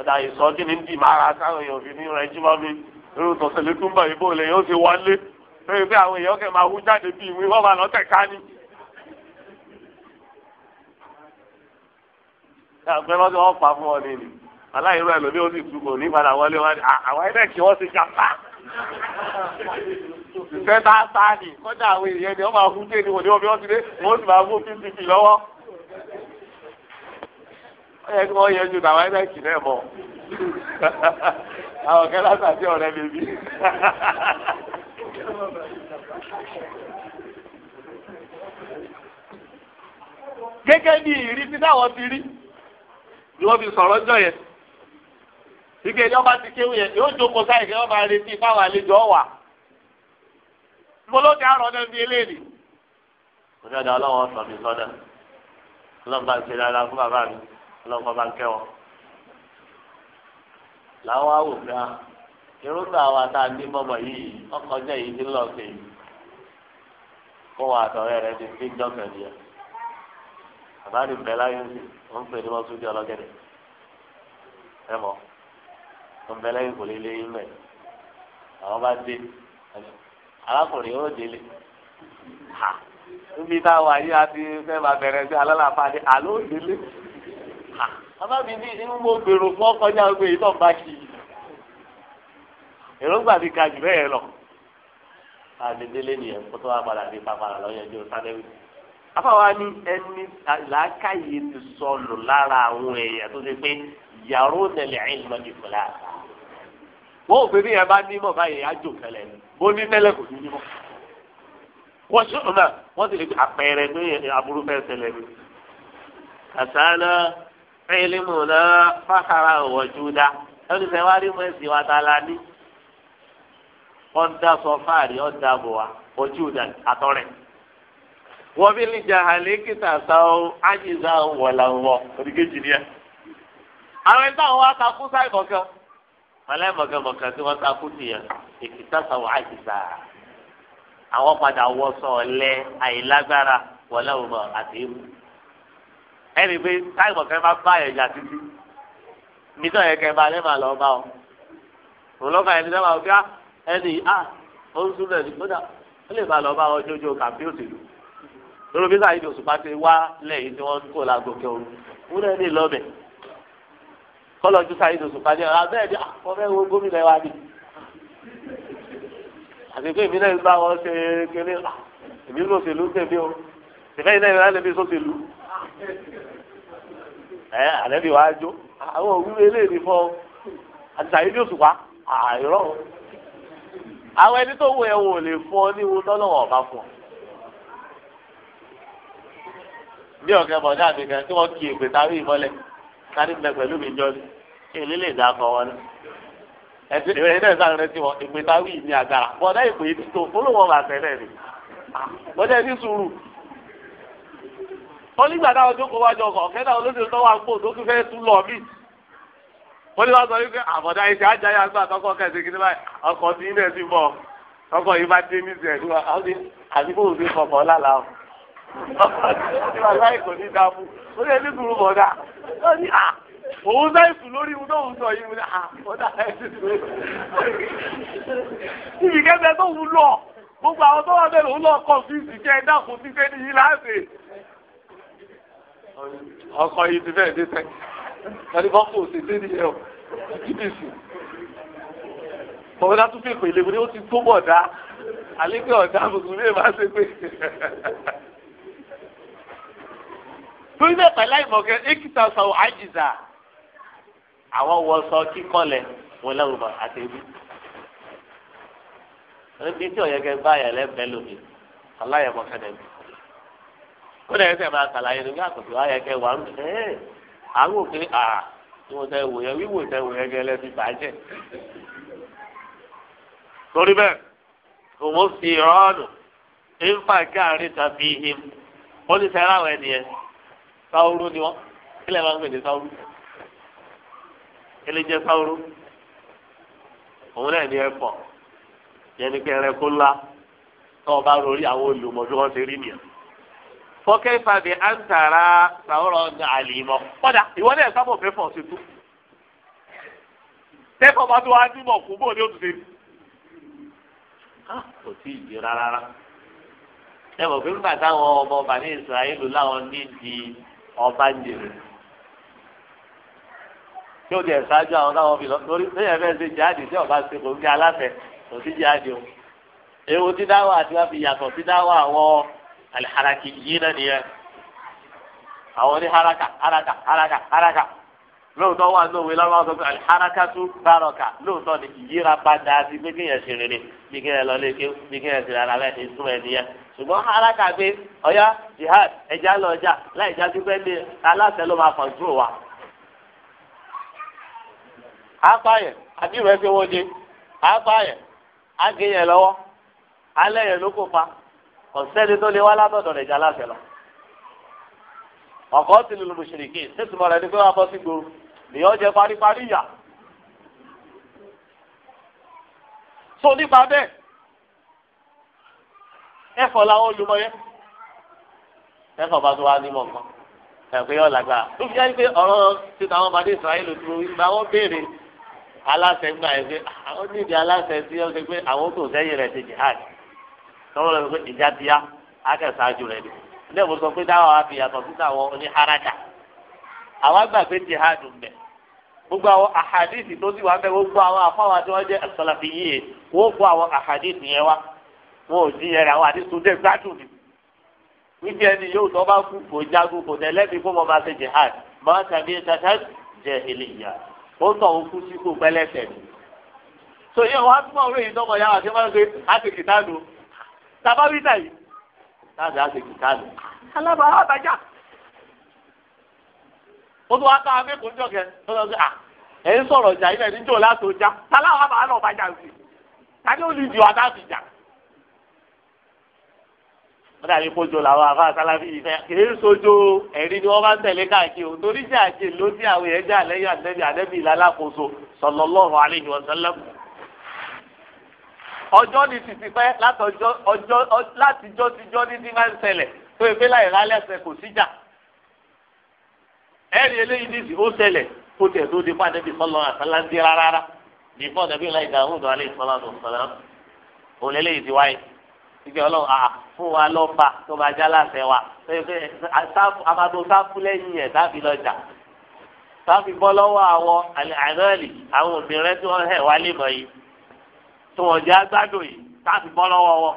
ọ̀dà ìsọ́jú ni ń dì mára sáwọn èèyàn fi ní rẹ̀ jímọ́ mi irú tọ̀sẹ̀lẹ̀ tún bọ̀ ìbò lè yóò ṣe wọlé lórí pé àwọn èèyàn kẹ̀ máa hú jáde bí ìwé wọ́n máa lọ tẹ̀ka ni. ẹgbẹ́ lọ́sẹ̀ wọ́n pa fún ọ nìyí aláìrú ẹ̀ lómi ó sì túbọ̀ nígbàdà wọlé wọn àwọn ẹ̀dẹ́kì wọ́n ti jà pa ìfẹ́ tá a sáà nì kọjá àwọn èèyàn ni wọ́n máa fún dé ni wọ́n ní wọ́n fi wọ́n ti dé wọ́n sì máa fún pdp lọ́wọ́. ó yẹ kí wọ́n yẹ ju tàwọn ẹgbẹ́ ìkì náà àwọn kẹlẹ́ àtàtì ọ̀rẹ́ mi bí. gẹ́gẹ́ bí ìrísí táwọn ti rí ni wọ́n fi sọ̀rọ̀ jọ yẹn ike ẹni ọba ti kéwù yẹn yóò jókòó sáyẹ kí wọn máa retí fáwọn àlejò ọwà mo ló ti àrọ náà bí eléyìí. mo ní ọ̀dà ọlọ́wọ́ sọ mi sọ́dà ọlọ́mọba ń ṣe dáadáa fún bàbá mi ọlọ́mọba bá ń kẹ́wọ́. làwọn awòfin a ah, irúgbà wa tá a ní mọ́mọ́ yìí ọkọ̀ jẹ́ èyí tí ń lọ sí i kó wa àtọ̀rẹ́ rẹ ti fi dọ́kẹ̀ nìyẹn. bàbá mi bẹ̀ láyé ń pè ní wọ́n tún jẹ́ ọlọ́gẹ̀dẹ̀ ẹ mọ̀ tó ń bẹ lẹ́yìn kò lè lé yín mẹ́ àwọn bá dé arákùnrin yóò délé ha níbi tá a wà yí a ti fẹ́ máa bẹ̀rẹ̀ sí alálàáfà ni àló délé ha bàbá mi ní inú mo gbèrò fún ọkọjá gbé yìí tó ń bá kì í èròǹgbà mi ka jù bẹ́ẹ̀ lọ àdédélé nìyẹn kó tó wá padà dé papàrà lọ́yẹ̀dẹ́ òsánẹ́wì afáwa ní ẹni làákàyè ti sọnù lára àwọn èèyàn tó ti pé yàrá òtẹ̀lẹ̀ ẹ̀ lọ́ọ́ ní fúlàtà wọ́n ò pé bí yẹn bá nímọ̀ báyìí àjò kẹlẹ̀ bó ní tẹ́lẹ̀ kò ní nímọ̀ wọ́n ṣe ọ̀nà wọ́n ti lè àpẹẹrẹ pé aburú fẹ́ ṣẹlẹ̀ ni kàtàlá ẹ̀ẹ́lẹ́mù náà fákàrà ọ̀wọ́jú dá ẹni sẹ́wá rí mọ́ ẹ̀sìn wa ta la ní ọ̀dà sọfáàrí ọ̀dà bùwà ojú àtọ̀rẹ̀ wọ́n bí lè jà hàlẹ́ kìtà sáwọ́ ájìzá wọ̀làwọ̀ oníkejì ni ẹ̀ àwọn ẹ̀ta wọn wá ta kú sáì wàlẹ́ mọ̀gàmọ̀gà tí wọ́n takú nìyẹn èkìtà sàwọ́ àjìsà àwọn padà wọ́sọ̀ ọ̀lẹ́ àìlágbára wọlé ọmọ àti ewu ẹnì pé táìmọ̀ kẹ́ máa bá ẹ̀yà títí nítorí ọ̀yẹ́ kẹ́ máa lẹ́ máa lọ bá ọ òlọ́kà ẹni sábà wọ́n kíá ẹni à ó ń súnlẹ̀ ní kódà ó lè máa lọ bá ọ jójó kàbí lórí bí sáyidì òṣùpá ti wá lẹ́yìn tí wọ́n kó làgòkè òru wúlẹ̀ ní lọ́bẹ̀ẹ́ kọlọ ju sáyé dòsùn fani ọ abẹ́ẹ̀ ni àkọ́fẹ́ ah, wo gómìnà wa ni àtẹ̀kọ́ èmi náà bá wọn ṣe kéré ah, èmi ló ṣèlú tẹ̀mí o tẹ̀fẹ́ yìí náà lẹ́bi sọ́ṣèlú ẹ àlẹ́bi wàá jó àwọn òwúrọ̀ eléyìí fọ́ àti sáyé dòsùn wa àìrọ̀ àwọn ẹni tó wọ ẹ lè fọ ní wo lọ́lọ́wọ́ ọ̀bá fún bí ọ̀kẹ́ bọ̀dá mi kan tí wọ́n kí èpè táwí ìmọ́lẹ̀ kárí mi pẹ̀lú mi jọ́ni èlé lè dá kọ wọn ẹtì ìrẹ̀lẹ̀ náà sáré rẹ ti wọ ìpè táwí ní agbára bọ́dá ìpè yìí tó fọlọ́wọ́ bá tẹ̀lé rè bọ́dá ní sùúrù. wọ́n nígbà táwọn jókòó wájú ọkọ̀ ọ̀kẹ́dà olóṣèlú tó wà ń pò tó tún fẹ́ tún lọ mí. wọ́n ní wọ́n sọ wípé àbọ̀dá iṣẹ́ ajáyà gbà tọkọ kẹsì kí ọkọ̀ tí ilẹ̀ ti bọ̀ ọkọ̀ yìí bá dé níṣẹ́ àti bó ti kọ̀ọ̀kọ̀ lálá òun sáyẹ̀sù lórí ohun tó ń sọ yìí wọ́n á ah, ọ̀dà sáyẹ̀sù lórí. ibi kẹfẹ tó wù lọ gbogbo àwọn tó wà bẹ̀rẹ̀ lọ kọ̀ fíìsì kí ẹ dákun sí fẹ́ níyì láàbẹ̀. ọkọ yìí ti fẹ́ẹ̀ dé sẹ́ ẹni bá kò sí sí nìyẹn o jíjìsì. bọ̀wọ́dá tún fi pèlè mi ni ó ti tó bọ̀ dá àlékè ọ̀dà mùsùlùmí ẹ̀ máa ṣe pé torí bẹ́ẹ̀ pẹ̀lú àìmọ̀kẹ́ ekita àwọn wọṣọ kíkọlẹ̀ wọn lẹ́wọ̀n àtẹ̀wé níbi tí ọ̀yẹ́kẹ́ bá yà lẹ́fẹ̀ẹ́ lómi aláyẹ̀mọ́ fẹ́lẹ́ mi ó lè fẹ́ máa kàlàyé nígbà àkùtù ayẹ̀kẹ́ wà ń bẹ́ẹ̀ àwọn òkè à ìwò tẹ wò yẹ wíwò tẹ wò yẹ gẹ lẹ́fi bàjẹ́ torí bẹ́ẹ̀ òun fi rọ́ọ̀nù ńfà káàrin tàbí ihim ó ní sẹ́ráwọ̀ ẹ̀ nìyẹn sáwúrú ni wọ́n kílẹ̀ máa ń pè ní sáwúrú eléjẹ sáwúrú òun náà ní ẹfọ yẹn ní kẹrẹ kó ńlá tó o bá rori àwọn olùmọ bí wọn ṣe rí nìyẹn fọkẹ fàbí àǹtàrà sàwọrọ àlìmọ kódà ìwọ náà sábà òfin fọ sí tú tẹfọ bá tó wá nímọ kú bó ni ó ti ṣe ah, kò tí ì di rárá ẹ mọ̀ pé nígbà táwọn ọmọ bàní Israẹli láwọn ní di ọba ń tí ó jẹ ṣáájú àwọn táwọn lọ ṣe jáde tí ọba ṣe kò ń aláfẹ kò sí jáde o ewu tí àti wá fi yàtọ̀ sí àwọn aliharaki yìí náà nìyẹn àwọn ní haraka haraka haraka haraka lóòótọ́ wà lọ́wọ́ sọ pé tún bárọ̀kà lóòótọ́ ni ìyíra padà sí pé ṣe rere bí lọ lé bí ṣe ṣùgbọ́n haraka gbé jihad láì aláṣẹ ló máa apáyẹ àbí ìwé fi wọ́n jẹ apáyẹ agéyẹ lọ́wọ́ alẹ́ yẹn ló kó pa ọ̀sẹ́ni tó lé wá látọ̀dọ̀ rẹ̀ jà láṣẹ lọ. ọ̀kọ́ ti lulu mùsùlùmí nítumọ̀ rẹ̀ ni pé wọ́n bọ́ sí gbòòrò nìyọ́ jẹ paríparí yà. so nípa bẹ́ẹ̀ ẹ̀fọ́ làwọn olùmọ̀ yẹn ẹ̀fọ́ bá tó wá nímọ̀ nǹkan ẹ̀fọ́ yọ̀ lágbára. ó fi jẹ́ pé ọ̀rọ̀ ti tàwọn ọmọdé Israẹli dúró ìgbà wọn béèrè aláṣẹ gbà yẹn pé ah, ó ní ìdí aláṣẹ tí ó pé àwọn tó sẹ́yìn rẹ̀ ti jihad tọ́wọ́ lọ pé ìjà ni ilé ìwòsàn sọ pé wa fi àwọn àwọn àgbà pé jihad ń bẹ gbogbo àwọn tó sì wà bẹ gbogbo àwọn tí yìí kó àwọn yẹn wá wọn ò ni wípé ẹni yóò tọ́ bá kú kò kò ó tọ̀ ń kú síkú pẹ́lẹ́sẹ̀ ni. so yẹ wọ́n á túmọ̀ yìí tọmọ yàrá tí wọ́n gbé àtìkì tánu tàbá bí tà yìí láti àtìkì tánu. alábàá àbájá. ó tún wá ká akẹ́kọ̀ọ́ jọ kẹ ó lọ sí à ẹ̀ ń sọ̀rọ̀ jà ilẹ̀ níjọ́ látò já táláwà bá lọ bá sí tàbí ó lè jù wá jà wọ́n dàbí kójó làwọn àfa sálábì yìí fẹ́ kìí sojo ẹ̀rí ni wọ́n bá ń tẹ̀lé káàkiri torí ṣe àṣe ló ti àwọn èèyàn jà lẹ́yìn àtẹ́bí àtẹ́bí ìlàlákòóso sallallahu alaihi wasallam. ọjọ́ ni títí pẹ́ látijọ́ tijọ́ ní ti máa ń ṣẹlẹ̀ tó efe láì rálẹ̀sẹ̀ kò síjà. ẹ̀rí eléyìí ní ìsìn ó ṣẹlẹ̀ kó tẹ̀ tó di fún àtẹ́bí sallallahu àtàlándé rárá ní fún àtẹ́bí láì dáhùn fún wa lọ́fà tó bá já láṣẹ wa amadu sáfù lẹ́yìn ẹ̀ sáfì lọ́jà sáfì bọ́ lọ́wọ́ àwọn àìnáàlì àwọn obìnrin tí wọ́n hẹ̀ wálé mọ́ yìí tí wọ́n jẹ́ agbádùn yìí sáfì bọ́ lọ́wọ́ wọn.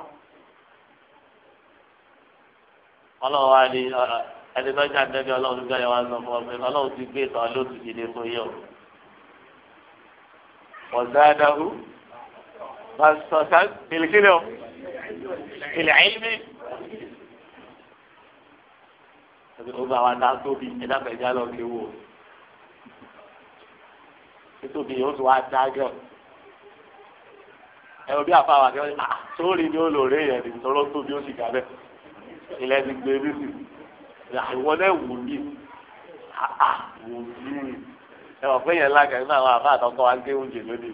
ọlọ́wọ́ wa ni ẹni lọ́jà dẹ́bi ọlọ́run gbọ́ wá sọ fún ọ ọlọ́run ti gbé ìtàn lóṣù yìí ní fún yìí o. Ah, wàsọ̀sán ah, ah, ìlìkílẹ̀ o ìlẹ̀ ẹ̀mí. ó bá wa dá tóbi ẹ̀dá fẹ̀já lọ kí واحد ó tóbi yóò tún wá dá gẹ̀ ẹ o bí àfàwà kí wọ́n ṣe ah sórí ni ó lò rí yẹn ní tọ́lọ́ tóbi ó sì ga bẹ́ẹ̀ ilẹ̀ ti gbé bí sì ìwọ náà wù mí wù mí ẹ wọ̀ pé yẹn lágàá nínú àwọn àbá àtọkọ wa ń gé oúnjẹ lónìí.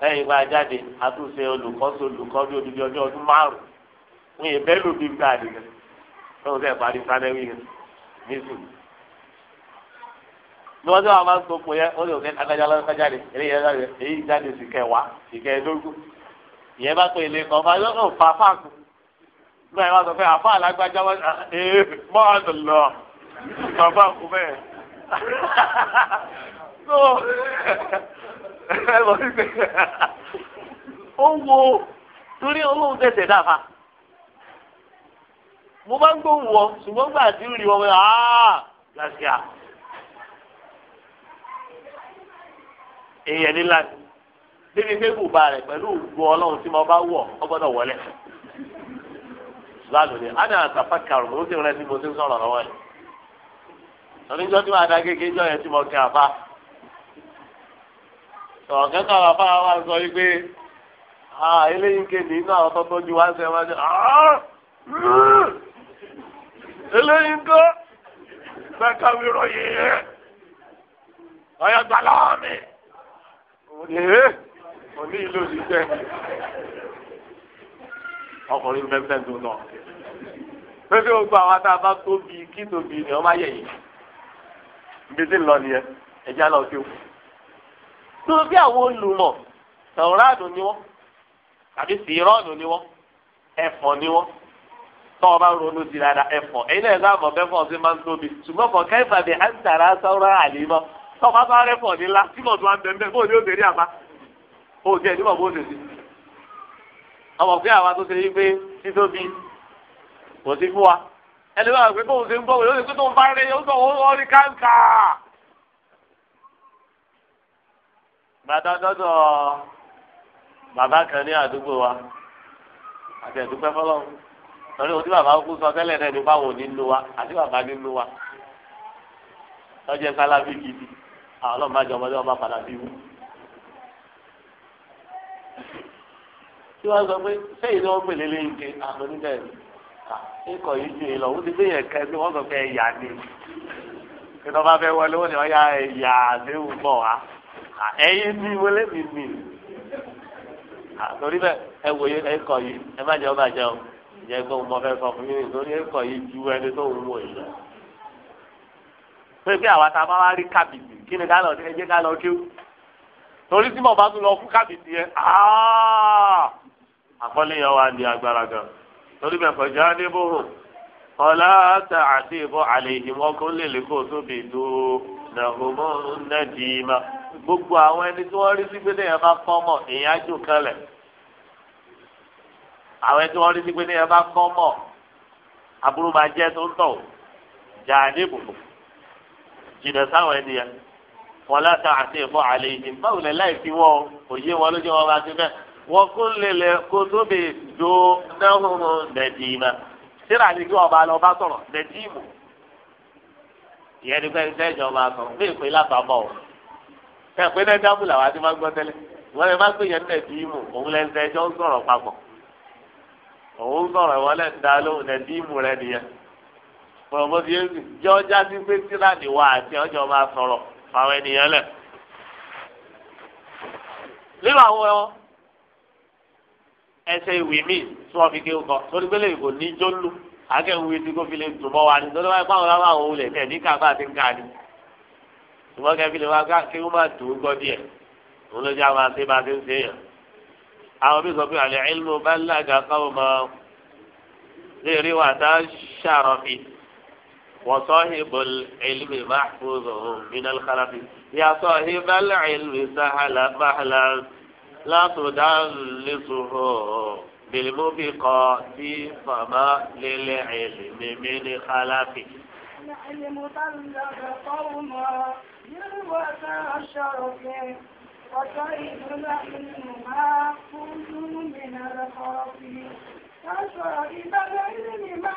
lẹ́yìn ìgbà jáde àtúnṣe olùkọ́ sí olùkọ́ bí odidi ọjọ́ ọdún márùn ún ìyẹn bẹ́ẹ̀ ló bí gbà nìyẹn lọ́wọ́ sẹ́yìn parí sanẹ́wì yẹn ní sùn. ní wọ́n tí wọ́n máa ń sopọ̀ yẹn ó lè òkè akájá lọ́wọ́ jáde eléyìí jáde èyí jáde sì kẹwàá sì kẹẹ̀ẹ́dógún ìyẹn bá pè lè kọ́ fún ọ fà fáàkù nígbà yẹn wọ́n sọ pé àfa alágbájá wọn ah, ee eh, mọ́ọ̀lù lọ bàbá òkú bẹ́ẹ̀ ó wo torí olóhùn tẹ̀sẹ̀ dáfa mo bá ń gbóhùn wọn ṣùgbọ́n gbà tí ń rí wọn wọ́n aaa gàṣíà èèyàn nílá níbi pé bùbá rẹ̀ pẹ̀lú ògbó ọlọ́run tí mo bá wọ̀ ọ wọlé lánàá ni àná àtàfà kàrò mo ti rẹ ní mo ti sọ̀rọ̀ lọ́wọ́ yìí lọ́níjọ́ tí mo adá kékeré jọ yẹn tí mo kẹ́ àfa ọ̀kẹ́ kan wà fáwọn wa sọ yìí pé eléyìí kejì inú àwọn tó tó ju wá sí ẹ wá sí eléyìí tó bẹ́ẹ̀ka mi rọ yìí ọ̀yọ́ gbà lọ́wọ́ mi òní òní ìlú òṣìṣẹ́ ọkùnrin pẹ́pẹ́ tó lọ pẹ́pẹ́ gbogbo àwọn tá a bá tóbi kí tóbi ni wọ́n máa yẹ̀ yìí gbèsè ńlọ nìyẹn ẹ̀jẹ̀ àlọ́ tó kù tó bí àwọn olùmọ̀ tọ̀rọ̀dù ni wọ́n àbí sìrọ́ọ̀nù ni wọ́n ẹ̀fọ́ ni wọ́n tọ́ ọba ronú sí dada ẹ̀fọ́ ẹ̀yin náà ẹ̀ka àmọ̀ bẹ́fọ̀ sí máa ń tóbi ṣùgbọ́n kọ̀ kẹ́fà bí à ń tàrà sọ́ra àlímọ́ tọ́ ọba sọ́ra ẹ̀fọ́ ní ńlá tí mọ̀tò àń bẹ̀ẹ́ bóòdì ó tẹ̀lé àbá òòjẹ́ ìdíbọ̀ bóòdì sí. ọmọ pé àwa tó ṣe yí pé bàtà dọ́dọ̀ bàbá kan ní àdúgbò wa àti ẹ̀dúpẹ́ fọlọ́ torí o tí bàbá kú sọ tẹ́lẹ̀ náà ní báwo nínú wa àti bàbá nínú wa lọ́jọ́ sálábì gidi àwọn ọlọ́mọ àjọ ọmọdé ọba padà bí wú. tí wọ́n sọ pé sẹ́yìn ni wọ́n pè lé léyìn ké àwọn oníbẹ̀rẹ̀ ikọ̀ yìí ju èlò òun ti gbé yẹn kẹ́ bí wọ́n sọ pé ẹ̀yà ni kí wọ́n bá fẹ́ wọlé wọ́n ni wọ́n yá ẹ̀yà àdéhùn bọ̀ wá ẹ̀yin bí wọlé mi mi àtòrí bẹ ẹ wòye ẹ kọ yìí ẹ má jẹ ọ má jẹ ọ ìjẹ gbọ́n mo fẹ́ sọ fún yín nítorí ẹ kọ yìí ju ẹni tó ń wò yìí pé kí àwa ta bá wá rí kábìtì kí ni ká lọ ẹ jẹ́ ká lọ kí ó torí tí mo bá tún lọ fún kábìtì yẹn àkọlé yẹn wà ní agbára gan torí bẹ kọjá ní bòrò ọlá àti ìbọn àlè ìmọ̀kó lè lè kó tóbi tó nàgòmọ́ nàdìmá gbogbo àwọn ẹni tí wọ́n rí sí pé téèyàn bá kọ́ mọ̀ èèyàn á jù kalẹ̀ àwọn ẹni tí wọ́n rí sí pé téèyàn bá kọ́ mọ̀ aburú máa jẹ́ tó ń tọ̀ jà ní ìbùkù jìnnà sáwọn ẹni yẹn wọn láta àti ìfọ àlè yìí báwo lè láì fi wọ́n òye wọn ló jẹ́ wọn bá ti bẹ́ẹ̀ wọ́n kún lélẹ̀ kó tó do náhùnmù nàdìmà síra ni kí wọ́n bá lọ bá sọ̀rọ̀ nàdìmù ìyẹn ni pé ẹni tẹ́jọ́ máa sọ̀rọ̀ bí ìpè látàbọ̀ o ẹ pé náà dábù làwọn àti máa gbọ́ tẹ́lẹ̀ wọ́n lè má pè yẹn nẹ̀ dìímù òun lẹ́ ẹjọ́ ń sọ̀rọ̀ papọ̀ òun sọ̀rọ̀ ìwọ́n lẹ́ ń da lóhùn nẹ̀ dìímù rẹ nìyẹn pọ̀lọ́pọ̀ yéésù jẹ́ ọjà sí pé sílá nìwọ àti ọjọ́ máa sọ̀rọ̀ fáwọn ènìyàn lẹ̀. nínú àwọn ẹsẹ̀ ìwé míì tí wọ́n fi ké kọ torí pé lèyìn ní jólú àkẹ́wé tí kò fi lè dùn mọ́ wa ni torí wáyé pàwọn ṣùgbọ́n kẹfì lè wá kí wọ́n máa dùn gbọ́ díẹ̀ òun ló jẹ́ àwọn àti bá a ti ń ṣe yàn. àwọn bí sọ pé àlẹ́ ìlú bá lága káwọn mọ léèrè wà tá a ṣàrọ̀ fi wọ́n sọ ìbòl ìlú má fúnzọ̀ mìíràn kára fi. yàtọ̀ ìbálẹ̀ ìlú sàhálà bàhálà látòdà lẹ́sùrọ̀ bìlìmù bí kọ́ sí fàmà lélẹ̀ ìlú mímí ní kálá fi. النعيم طلب قوما يروة الشرف وسيدنا منهما كل من الخرف فصائب العلم ما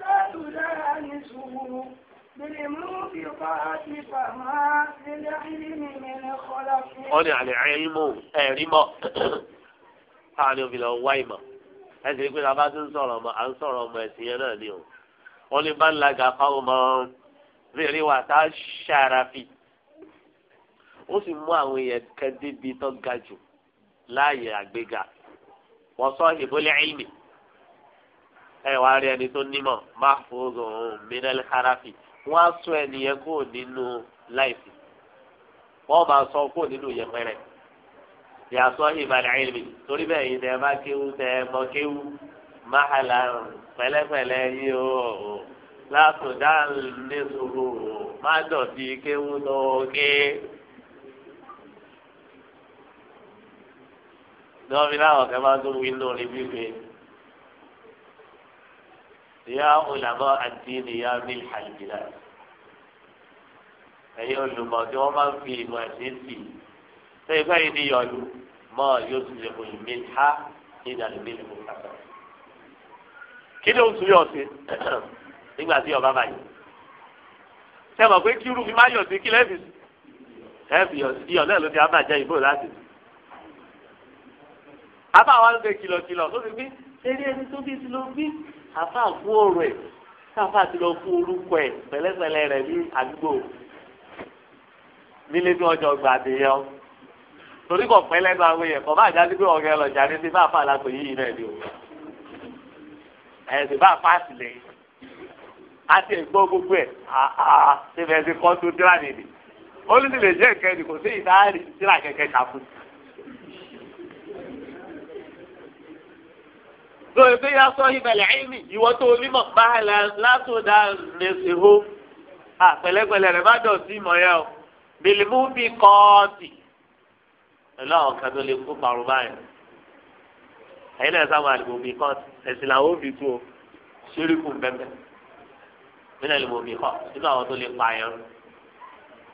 لا تدانسه بالمنفقات فما للعلم من خلف. قل على علم ارمى. a ní òbí lọ wá ìmọ̀ ẹ sì rí pé tá a bá ti ń sọ̀rọ̀ ọmọ à ń sọ̀rọ̀ ọmọ ẹ̀sìn yẹn náà ni o wọ́n lè bá ń lagà fáwọn ọmọ rere wà tá a ṣàràfì ó sì mú àwọn èèyàn kan débi tó ga jù láàyè àgbéga wọ́n sọ ìbólẹ̀ ìlmì ẹ wá rí ẹni tó nímọ̀ máa fòrò mìíràn harafi wọ́n á sọ ẹnìyẹn kó nínú láìsí wọ́n máa sọ kó nínú yẹpẹrẹ yàtọ̀ ìbàdàn ìlmì torí bẹ́ẹ̀ yìí tẹ́ ẹ bá kéwú tẹ́ ẹ mọ kéwú mahala pẹ̀lẹ́pẹ̀lẹ́ yìí o látòdá lè sòrò má dọ̀bí kéwú lọ́ọ́gé. dọ́ọ̀bí láwọn kẹ́ máa tún wíńdò rí wípé ìyá olùdàbọ̀ àti ìyá mi àjìlá ẹ̀yin olùmọ̀ tí wọ́n máa ń fi ìmọ̀ ẹ̀sìn sí ṣé ìfẹ́ yìí ni yọ̀lù mọ́ yóò tún lè kó ìmí ha ní ìdàlùmí ìlú kàkà kí ló ń sùn yọ̀ sí nígbà tí ọba bá yìí ṣe mọ̀ pé kí irú fi má yọ̀ sí kí lẹ́ẹ̀fì lẹ́ẹ̀fì yọ̀ náà ló ti abàjẹ́ ìbò láti. àbá wa ń ṣe kìlọ̀kìlọ̀ tó ti bí eré ẹni tó bí ti lọ bí àbá fún ọ̀rọ̀ ẹ̀ káfá ti lọ fún orúkọ ẹ̀ pẹ̀lẹ́pẹ̀lẹ́ rẹ̀ ní àdúgbò nílé bí wọ́n jọ gbà àdéyàn torí kò pẹ́ lẹ́nu àwọn èèyàn kò bá àjá pé ọ̀gá ẹ ní ti bá àfa àlàkò yìí náà ni o ẹ̀sìn bá paasi lẹ́yìn àti ẹ̀gbọ́ gbogbo ẹ̀ àà ṣẹlẹ̀ ẹ̀sìn kan tó dírà nìyí olùdí lè jẹ́ ìkẹ́ ni kò sí ìdáhàrí dírà kẹ̀kẹ́ kàfú. lọ ìgbé ya sọ ìbẹ̀lẹ̀ ẹ̀mí ìwọ tó o mímọ̀ bá a lẹ látòdà lẹ́sìn hó àpẹ̀lẹ́pẹ̀lẹ́ rẹ̀ bá dọ̀ sí ìmọ̀ yẹn o bìlìmù bí kọ́ọ̀tì pẹ̀lú àwọn kan tó lè kó parun báyìí ẹ̀yin náà sáwọn àlùbọ̀ mi kọ́ ẹ̀sìn làwọn ò fi tú o ṣíríkù bẹ́ẹ̀ bẹ́ẹ̀ lùbọ̀ mi kọ́ nínú àwọn tó lè pa ẹ̀rọ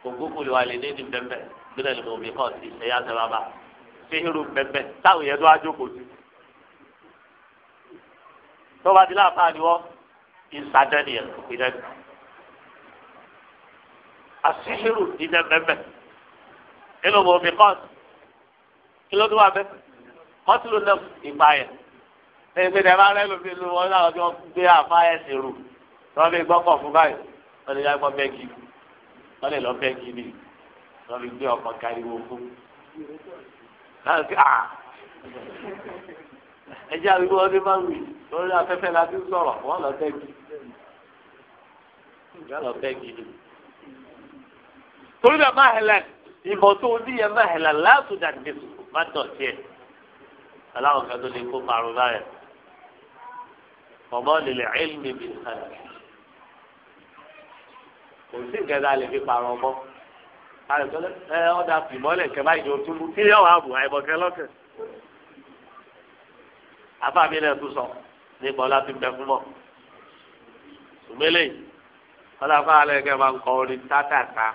ògúnkù lè wà lè ní ní bẹ́ẹ̀ bẹ́ẹ̀ lùbọ̀ mi kọ́ ti ṣe yá sẹ́wà bá ṣéhìrù bẹ́ẹ̀ táwọn yẹn tó wá jókòó sí. tó bá ti láàpá ni wọ́n ìsàdẹ́ nìyẹn ìdẹ́ àṣìṣirù ìdẹ́ bẹ́ẹ̀ mi kọ́ kí ló tó wà bẹ́ẹ̀ kọ́tùlù náà ìpayà ẹni pé dẹ́gbà rẹ lómi lu wọn láwọn tí wọ́n gbé àfáyà sí rù tí wọ́n fi gbọ́kọ̀ fún báyìí wọ́n lè yàgbọ́ bẹ́ẹ̀kì wọ́n lè lọ bẹ́ẹ̀kì ni wọ́n fi gbé ọkọ̀ kariwo fún. Ah! ẹ jẹ́ àríwó ọdún máa ń wì lórí afẹ́fẹ́ la ti ń sọ̀rọ̀ wọ́n lọ bẹ́ẹ̀kì wọ́n lọ bẹ́ẹ̀kì ni. torí bẹ́ẹ̀ máa hẹlẹ̀ ìbọn tó o ní yẹn máa hẹlẹ̀ látò dàgbèsò má dọ̀ tiẹ̀ aláwọn kan tó lè kó parun báyẹn ọmọ lè lè ẹlmi bi hàn kò sí nǹkan tá a lè fi parun ọmọ àìsọlẹ ẹ ọdà fìmọlẹ kẹfà ìjọ túbú kí yóò wá bù àìbọkẹ lọkẹ àfàmì náà tún sọ nípa ọlá tó bẹ fún mọ sùmẹlẹ ọlá fún alẹ kẹ máa ń kọ orin tátàtà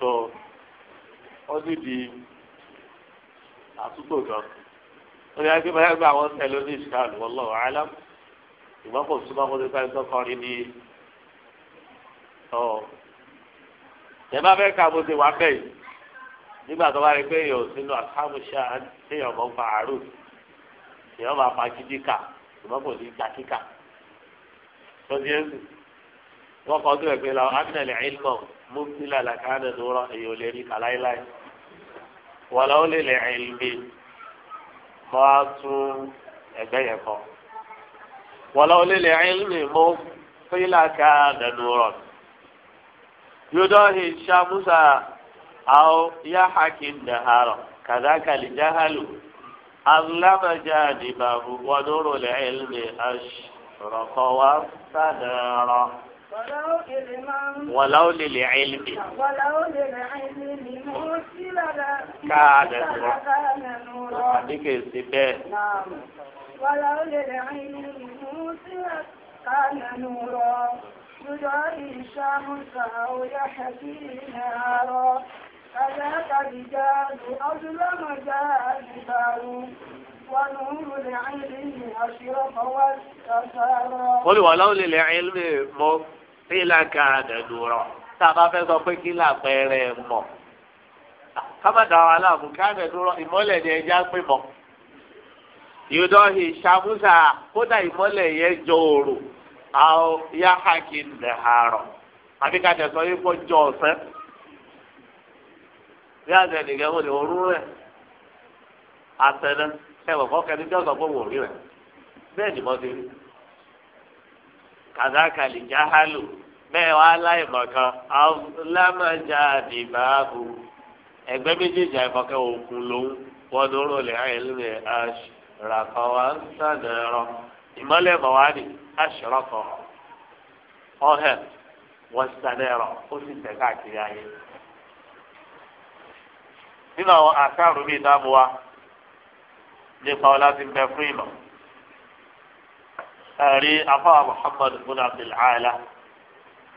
tó ó sì di àtúntò gan ó ní akéwà yàgbé àwọn tẹ̀lé ní ìṣàlù wallahu alam ìgbọ́n kò súnmọ́ kó nípa ẹni tó kọrin ní ọ. ẹ bá fẹ́ ka bó ti wá bẹ́ẹ̀ yìí nígbà tó bá rí pé èèyàn ò sínú àkàmúṣà téèyàn mọ̀ ń àárò èèyàn máa pa kíkíkà ìgbọ́n kò ní gbà kíkà tó ti wọ́n kọ́ tó ẹ̀ pé làwọn ánàlẹ̀ ẹ̀ ń lọ mú sílẹ̀ èèyàn ò lè rí kàláíláí wọlé ó lè lè ẹlẹbi mo á tún ẹgbẹ́ yẹn kọ wọlé ó lè lè ẹlẹbi mo fílà ká dẹnu rọ yóò ṣàmúsà àwọn yáhàkì dàhárọ kàdákà lè jáhálù alámàjáde bàbú wọn ó rò lè ẹlẹbi aṣọ rọkọ wa sádàrọ. ولو للعلم كان نور àbí ولو للعلم موسلا كان نورا يدعي الشمس أو يحكي نارا فذاك رجال أظلم جاذبه قل ولو للعلم موسلا sílá ká dẹ̀dùrọ̀ tá a bá fẹ́ sọ pé kí làpẹẹrẹ mọ̀ kámẹ́dà wà láàmú ká dẹ̀dùrọ̀ ìmọ́lẹ̀ ni ẹja pè mọ́ yòdọ́hì ṣàmúṣà kódà ìmọ́lẹ̀ yẹn jọ òrò àwọn yáhàkì nìhàrọ̀ àbí ká tẹ̀sán yìí kó jọ ọ̀sán bí àtẹ nìkan wò lè orú rẹ̀ àtẹnẹ ẹ̀wọ̀n kọ́kẹ́ níjọ́ sọ pé wò rí rẹ̀ bẹ́ẹ̀ ni mo ti rí kàdákàlì jáhálù bẹ́ẹ̀ wá láì mọ̀kan lámàjà àdìbàbò ẹgbẹ́ méjèèjì àìmọ̀kan òkun lòún wọ́n dúró lè ayé lórí aṣèràkọ́ wa ń sàdẹ̀rọ ìmọ̀lẹ̀ mọ̀wádìí aṣèràkọ́ ọ̀hẹ́ wọ́n sàdẹ̀rọ ó sì tẹ̀ káàkiri ayé. nínú àwọn àṣà àrùbí ìdáàbò wa nípa ọlá ti ń bẹ fún ìmọ̀. أري أخا محمد بن عبد العالى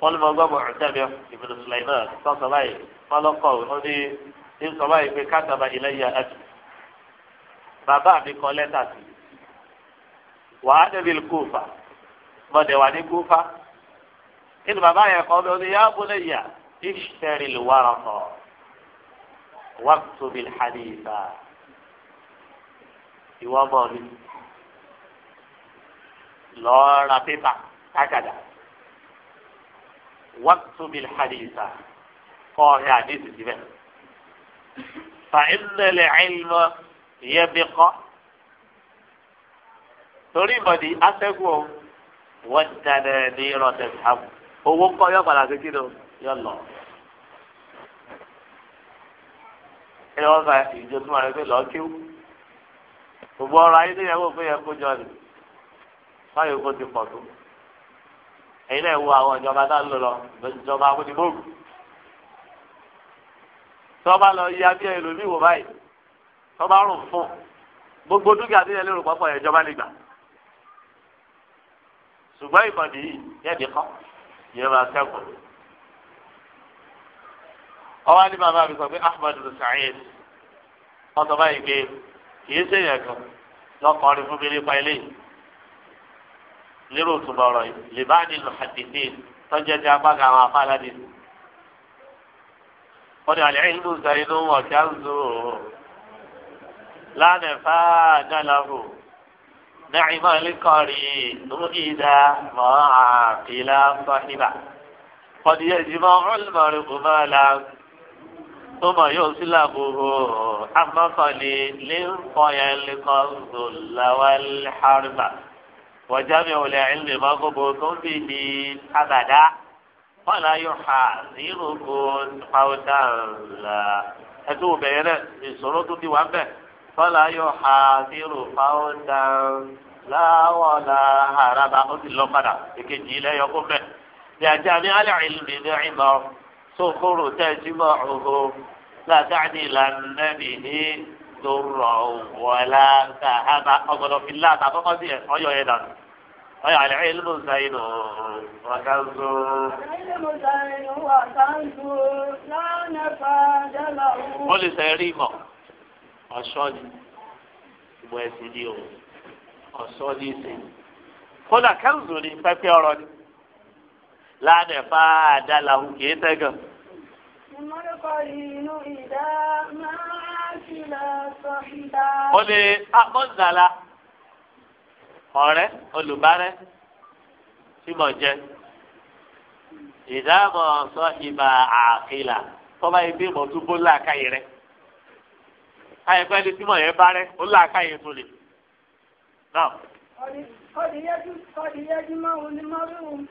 والموضوع معتمر ابن سليمان فصلي قال قول أني إن صلي كتب إلي أجل بابا بقولتاتي وأنا بالكوفة ما دواني كوفة إن بابا يقول يا بني اشتري الورقة واكتب الحديث ìwọ lọ́ọ́ ra pépà kákàdá wàtú bil hadisa kọ́ ọ̀rẹ́ àdéhùn síbẹ̀. fa ìnnẹ̀lẹ̀ ilmọ̀ yẹ bí kọ́ torí ìmọ̀dì asẹ́gun o wọ́n dáná ní ìrọ̀tẹ̀ sàmù owó kọ́ yọ padà sí o yọ lọ. ẹ wọ́n fa ìjọ tó wà lọ́ọ́ kéwù gbogbo ọrọ̀ ayé tó yẹ yẹ kó jọ nìyí báyìí kò ti pọ̀ tó ẹ̀yin náà wo àwọn ìjọba tá a lò lọ ìjọba amúnibóògùn tọ́ba lọ yí abíyá ẹlòmíì wò báyìí tọ́ba rùn fún gbogbo dúkìá tí ẹlẹ́rù pọ́pọ́ yẹn ìjọba lè gbà ṣùgbọ́n ìkànnì yìí yẹ́dì kọ́ yẹ́n máa kẹ́kọ̀ọ́ ọwọ́ ní bàbá mi sọ pé Ahmad Sa'id ọ̀tọ̀ báyìí pé kì í ṣèyàn kan lọ́kọ̀ọ́rin fún mi nípa eléyìí nírò túbọ̀ ọ̀rọ̀ yìí libani lùhàdìdì tọ́jú ẹja apáka àwọn afáàládì. wọ́n ní àlẹ́ ìlú sẹ́yìnú ọ̀tí àzúrò lánàá fàdàlàhù nàìmọ̀ lẹ́kọ̀ọ́rì nùdìdà mọ́ àkìlá sọ́hìbà. wọ́n ní ẹ̀jìmọ̀ ọ̀lùmọ̀rì kùmọ̀lá tọ́mọ̀ yóò sí làbúrò àmọ́kànlé lẹ́ńkọ̀ọ́yà lẹ́kọ̀ọ́ wàjáde olè ẹ̀lẹ́ máa gbogbo tó ń bì ní abàdá wọn là yóò ha nínú kó pàwọ́tà là ẹtú bẹ̀rẹ̀ náà ìṣòro tó ti wà bẹ̀ wọn là yóò ha nínú pàwọ́tà láwọn là àràbà ó ti lọ padà èkejì ilẹ̀ yọkú bẹ̀ bí ajá ní alẹ́ ìlú ní ìmọ̀ sókòrò tẹ̀ jímọ̀ òhò látàdí ìlànà nẹ́bì ní tó rọ̀ wọlá káhábà ọgbọ̀dọ̀ fi láàtà kọ́kọ́ sí ọyọ yẹn dànù. ọyọ àlẹ́ ẹ̀ ló ń sáyé nù ọ̀kánzó. ó lè sẹ́ rí mọ̀ ọ̀ṣọ́ ni ìbò ẹ̀sìn ni o ọ̀ṣọ́ ni ìsìn. kódà kánzó ni pẹ́pẹ́ ọ̀rọ̀ ni láàdẹ̀ fà á dá làwọn kì í tẹ́gàn. ìmọ̀lẹ́kọ̀ọ́ inú ìdá máa ó lè ah, mọ́zàlá ọ̀rẹ́ olùbárẹ́ tí mo jẹ ìdáàmọ̀ sọ ìbà àkìlà tọ́ba yìí bí mo tún bó láàkàyè rẹ àyẹ̀fẹ́ ni tí mo yẹ bá rẹ ó láàkàyè tó lè قد يجمع المرء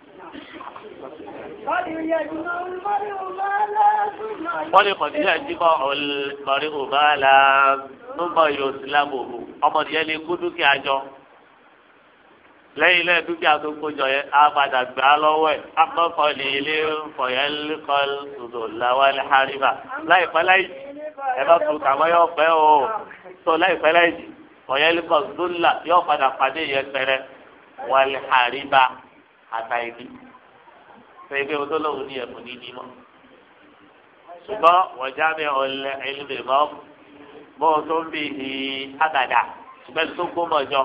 قد يجمع المرء بالا ثم قد يجمع المرء بالا ثم يسلمه ọmọdé yẹn lè kó dúkìá jọ lẹ́yìn lẹ́yìn dúkìá tó kójọ yẹn á padà gbà á lọ́wọ́ ẹ̀ akọ́kọ̀ọ́lì ilé fọ̀yẹ́lẹ́kọ́ tòdò làwọn àríwá láìpẹ́ láì ẹ bá tó kàmọ́ yọ̀ o tó láìpẹ́ láì ọ̀yẹ́lìkọ̀ dúlà yóò padà pàdé yẹpẹrẹ wàlẹ̀ àríba àtàìdí pẹ̀lú ewu tó lóun ní ẹ̀kọ́ ní ìdímọ̀. ṣùgbọ́n wọ̀já mi ọ̀lẹ́ ẹlẹ́mẹ̀ mọ́ bọ́ tó ń bì í àgàdà ṣùgbọ́n tó gbọ́mọ̀ jọ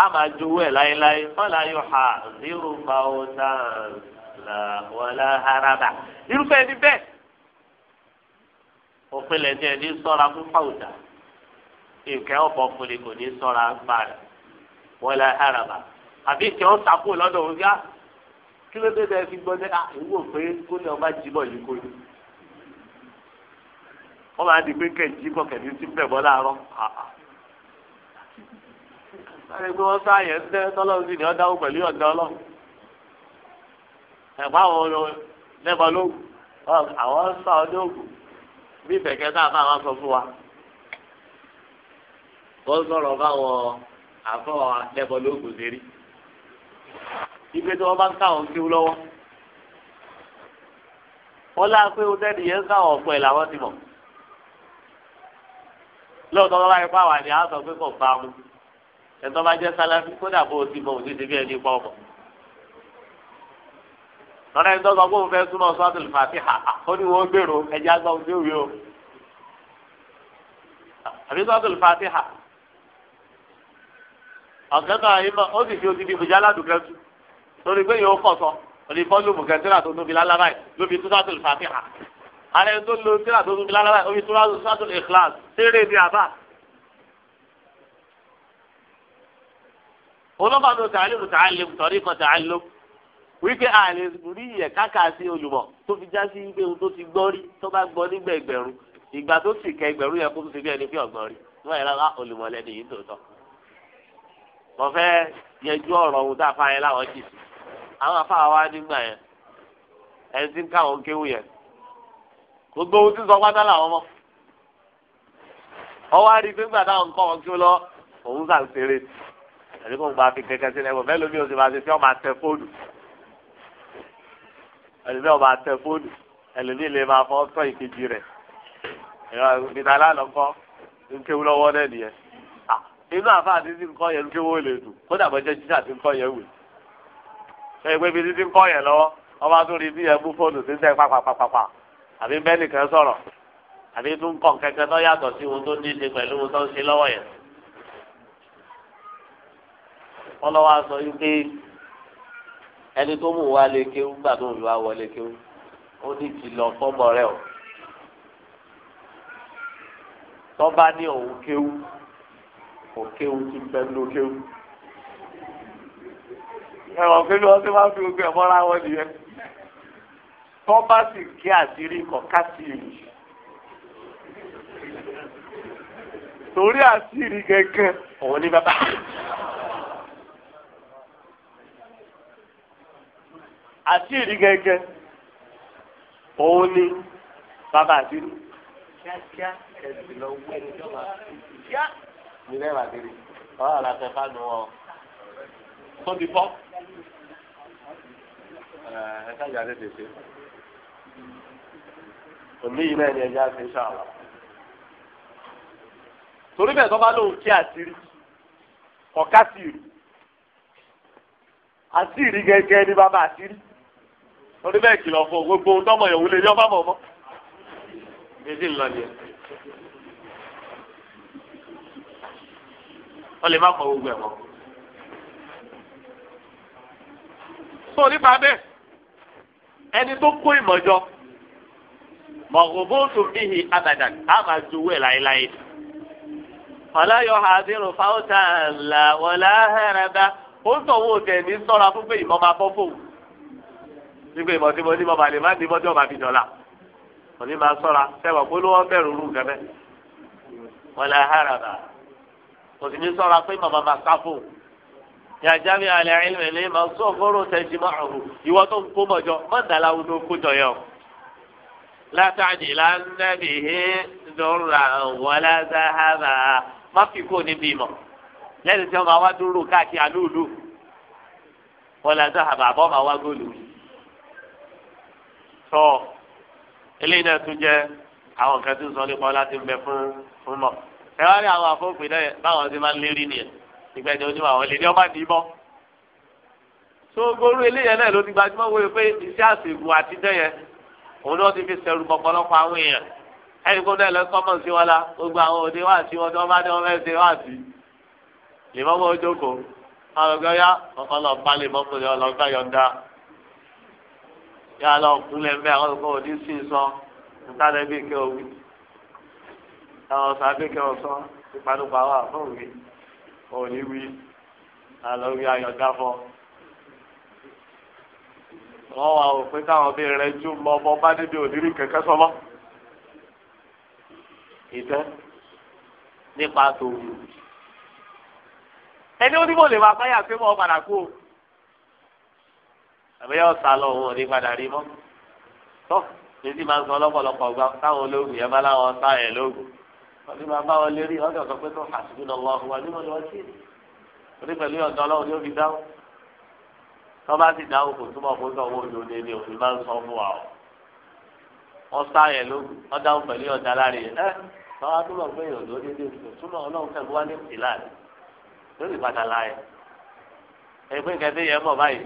a máa juwú láéláé fọlá yóò ha zero thousand wọlé haraba. irúfẹ́ ẹni bẹ́ẹ̀ òpin lẹ́sẹ̀ ẹni sọ́ra fún fáwùdà ìkẹ́ ọ̀bọ̀ fúnni kò ní sọ́ra gbà rẹ̀ wọ́n lẹ́ hẹ́rẹ̀mà àbí ìkẹ́ ọ̀ sàkó lọ́dọ̀ òun yá kí ló dé bẹ́ẹ̀ fi gbọ́ dé à ìwò pé kó ní ọba jìbọ̀ yìí kó ní. wọ́n máa di pé kẹ̀jì bọ̀ kẹ̀jì ti bẹ̀ bọ́ láàárọ̀ ah, ah. sáré pé wọ́n sáàyẹ̀ ń tẹ́ tọ́lọ́run sì ní ọ́ dáwọ́ pẹ̀lú ọ̀dà ọlọ́run ẹ̀fọ́ àwọn lẹ́bọ̀ lóògùn àwọn sá ọ lóògùn bí ìfẹ̀kẹ́ náà máa wá sọ fún wa wọ́n sọ̀rọ̀ báwọn àfọ̀ akẹ́bọ̀ lóògùn lérí ibi tí wọ́n bá ń káwọn kíw lọ́wọ́ wọ́n lá pé o tẹ́lẹ̀ yẹn ń káwọn ọ̀pọ̀ ẹ̀ làwọn ti mọ̀ lóòótọ́ bá báyìí pàwọ́ àní àá sọ pé kò bá mu ẹ̀tọ́ bá jẹ́ sálábí kódà bó o ti mọ òtítì bí ẹni pọ̀ mọ́. lọ́dọ̀ ẹni tó sọ pé òun fẹ́ súnmọ́ sọ́ọ́tù fàtíhà ó ní wọ́n gbèrò ẹja gbọ́ ojú òwe o. àbí sọ́ọ́tù fàtíhà ọ̀gẹ́gà ìmọ̀ ó sì fi odidi bùjá aládùúgbẹ́ tu torí pé yóò kọ̀ sọ òní bọ́ọ̀lù bùkẹ́tìrà tó tóbi lálábà yìí ló fi tú sátòlù fàtíhà ààrẹ tó lo tíra tó tóbi lálábà yìí ó fi tú sátòlù ìkìláàs tẹ́rẹ̀ ní àbá. olóńgbà tó tàálí mu tàálí mu tọ́rí kan tàálí ló wípé ààrẹ ní ìyẹ̀ káka sí olùmọ̀ tó fi já sí pé ohun tó ti gbọ́ rí tó bá gbọ́ nígbà ẹgbẹ̀rún ìgbà tó sì kẹ ẹgbẹ̀rún yẹn kó tó ti bí ẹni fi ọ̀gbọ́n rí wọ́n yẹra mo yẹjú ọ̀rọ̀ ohun tá a fa yẹn láwọn jì sí àwọn afáwa wa nígbà yẹn ẹni káwọn kéwù yẹn gbogbo ohun tí sọ pátá làwọn mọ ọwọ́ àrí pé gbàdá òun kọ́ wọn kí ó lọ òun sà ń ṣeré àti kò ń gba fi kẹ̀kẹ́ sílẹ̀ ẹ̀gbọ́n bẹ́ẹ̀ lómi ò ṣe fi ọmọ àtẹ fóònù ẹlòmíì ọmọ àtẹ fóònù ẹlòmíì lè máa fọ́ tọ́ ìkejì rẹ̀ ìgbà ìgbà lánàá kọ́ ń kéwù lọ́wọ́ náà nìyẹn inú àfa àti ti nǹkan yẹn kí lè dùn kódà bọ́ jẹ́ jíjà ti nǹkan yẹn wè. ṣé ìwé ibi títí nǹkan yẹn lọ́wọ́ wọ́n bá tún rí bí yẹn mú fóònù sí sẹ́ pàpàpàpà àbí bẹ́ẹ̀ nìkan sọ̀rọ̀ àbí tún kàn kẹ́kẹ́ tó yàtọ̀ sí ohun tó ní ṣe pẹ̀lú ohun tó ń ṣe lọ́wọ́ yẹn. wọ́n lọ́wọ́ sọ wípé ẹni tó mú wa lè kéwú gbà tó mú wa wọlé kéwú ó ní kìlọ̀ fọ́mọ rẹ̀ o tọ́ bá ní òun kéwú kò kéwu ti bẹ ló kéwu ẹwọn pé wọn ti máa fi gbogbo ẹ mọra wọn nìyẹn tó bá sì gé àdírí kan káṣíìrì torí àṣírí gẹ́gẹ́ òun ní bàbá. àṣírí gẹ́gẹ́ òun ní bàbá àṣírí. kíákíá ẹ̀sìn lọ wẹ́ẹ́ nílẹ̀ ìbàdìrì ọ̀rọ̀ àlàfẹ́ fáànù wọn tó ti fọ́ ẹ kájà lè tètè òní yìí náà ni ẹja ṣe ń ṣàlọ́ torí bẹ́ẹ̀ tó bá lóun kí àṣírí ọ̀ká sí ìrù àṣírí gẹ́gẹ́ ní bàbá àṣírí torí bẹ́ẹ̀ kìlọ̀ fún gbogbo ohun tọ́mọ ìyàwó lè ní ọba mọ̀ mọ́ méjì ńlọ ni ẹ̀. wọ́n lè má mọ gbogbo ẹ̀ mọ́. sọ nípa bẹ́ẹ̀ ẹni tó kó ìmọ̀jọ mọ̀gòbóòtò bíhi abadan á máa jowó láéláé. ọ̀làyọ̀ àdéhùn fáwọ́tà là wọ̀lá hẹ́rẹ́dá ó ń sọ̀wọ́ òtẹ̀ ní sọ́ra fún pé ìmọ̀ máa bọ́ fóun. nígbà ìmọ̀ tí mo ní mo bá lè má ní mọ́jọ́ máa fi dọ̀la òní máa sọ́ra sẹ́wọ̀n polówó bẹ̀rù rú gẹ́gẹ́ wọ̀lá kò sì ní sọ́ra pé màmá máa sá fún un. yàjá mi àlẹ́ ilmi ilé ma sọ fọ́rọ̀ tẹ̀sí máa hù ìwọ tó ń kó mọ̀jọ má dàlá wo ló kó jọ yẹn o. látàjì lánàbì hí dùnrà wọlé záhàbà má fi kó níbi mọ̀ lẹ́nu tí wọ́n máa wá dúró káàkiri àlúùlù wọlé záhàbà àbọ̀ máa wá góòlù. sọ eléyìí náà tún jẹ́ àwọn kan sọ nípa ọlá ti fún fún mọ̀ ẹ wá rí àwọn àfọwọ́pẹ́ náà báwọn ti máa ń lérí nìyẹn ìgbẹ́jọ́ onímọ̀ àwọn lèdí ọmọ àti ìbọn. tó gorú eléyẹn náà ló ti gbajúmọ̀ wọ́n pé iṣẹ́ àṣègùn àti dẹ́yẹ òun náà ti fi sẹ̀rù pọ̀pọ̀lọpọ̀ àwọn èèyàn ẹni kó náà lọ sọ́mọ̀ sí wọn la gbogbo àwọn òde wá sí wọn tí wọ́n bá ní wọn fẹ́ ṣe wá sí lèmọ́ mọ́ ojókòó àwọn ọ̀gá ya ọ̀kan mọ́ àwọn sàbíkẹ́ ọ̀sán ìpanupà wà fún òwe òní wí àlọ́ wí ayọ̀dá fọ́ wọ́n wà ó pé káwọn bí rẹ jú mọ ọmọ bá débi òdìrí kẹ̀kẹ́ sọmọ́ ìtẹ́ nípa tòun ẹni onímọ̀ lè máa fáyà pé mo padà kú o àbẹ́yẹ ọ̀sà lọ òun ò ní padà rí mọ́ tọ́ ní ti máa ń sọ lọ́pọ̀lọpọ̀ gbà táwọn ológun yẹn bá láwọn sá ẹ̀ lógun ọdún máa bá wọn lérí ọdún ọ̀sán pé tó àṣìbí lọ́wọ́ ọ̀hún wà nímọ̀ ni wọ́n ti rí pẹ̀lú ọ̀dọ́ ọlọ́run ni ó fi dáhùn tó bá sì dáhùn kò túbọ̀ kó sọ owó ìlú nílé òfin máa ń sọ fún wa o wọ́n sáyẹ̀ ló wọ́n dáhùn pẹ̀lú ọ̀dà láre ẹ́ tọ́wọ́ tó lọ́ọ́ pé ìrọ̀lú ó dédé ìfò túnmọ̀ ọlọ́run fẹ́ wá ní ìlà rẹ̀ lórí ìpadà láyẹ̀ ẹgbẹ́ kẹfẹ́ yẹn mọ̀ báyìí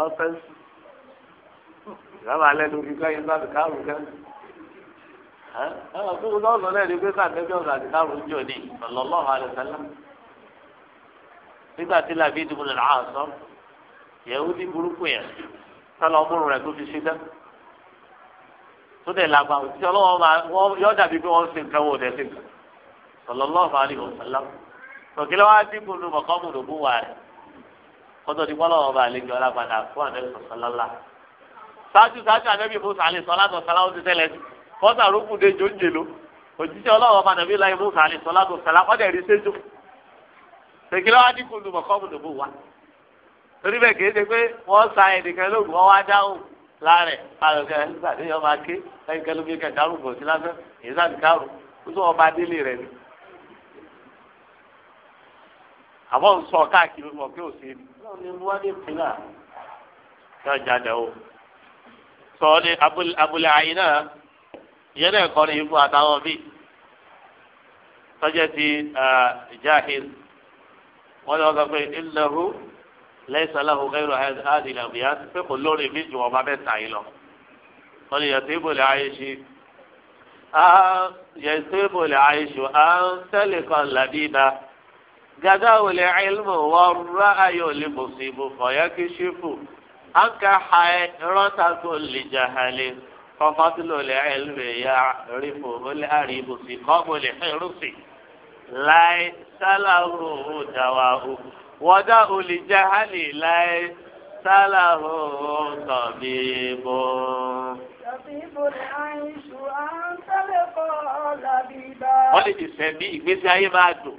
ó ìgbàmà lẹ́nu kíkọ yín bá mi káàrún kẹ àwọn fún lọ́sọ̀ náà ni pé sàtẹ́bí ọ̀sán àti káàrún jò ní ọ̀lọ́lọ́hàn àlùsálàm nígbà tí làbí ìdìbò lọ́la àṣọ yẹ̀wò ní burúkú yẹn sọlọ ọmọrùn rẹ̀ tó fi ṣe dán tó dẹ̀ làgbà òtítí ọlọ́wọ́ máa yọ dàbí pé wọ́n ṣe nǹkan wò dẹ̀ ṣe nǹkan ọ̀lọ́lọ́hàn àlùsálàm tòkìlẹ̀ wá dìbò nù mọ̀kọ́mù lòbú wà rẹ̀ ṣáájú ṣáájú ànábì musa alẹ́ sọlá tó sọlá ó ti tẹ́lẹ̀ sí kọ́sà rúkú de jò ń jèlò òjíṣẹ́ ọlọ́wọ́ padà bí láì musa alẹ́ sọlá tó sọlá ó dẹ̀ rí séjò tèkìlá wa dínkù lùmọ̀ kọ́ mùtò bò wá torí bẹ́ẹ̀ kìí ṣe pé wọ́n sa ẹnìkan lóògùn wọ́n wá dáhùn láàrẹ̀ àlọ́kẹ́ nígbà tí yọ̀ọ́ máa ké lẹ́yìn kẹ́lú bí kẹ̀ dárò bò sí lásán èyí ni. àmọ́ ń sọ káàkiri mọ̀ pé ni. ọlọ́run ni wọ́n á dé sọ́ọ́lì abúlé àyínà ìyẹn náà kọrin ìbú àtàwọn bíi tọ́jà ti jahil wọ́n lọ sọ pé ìlẹ̀hu lẹ́sàlàhù gẹ́rù àdìlẹ̀ bìyà pé kò lórí mi jù ọba bẹ́ẹ̀ tà yín lọ. wọ́n lè yẹtí ìbòlẹ̀ àyèṣe yẹtí ìbòlẹ̀ àyèṣe à ń làdínà gàdáwòlẹ̀ ilmu wọ́n rà ayọ̀ lè mọ̀ sí ibùfọ̀ yẹ kí ṣífù anka xaye rota kulli jahali fafatulu lilmi yacrifu laribu si qomu lixirusi lai salahu dawaahu wadau lijahali lai salahu tabibu wọ́n lè ti sẹ́mi ìgbésí ayé máa dùn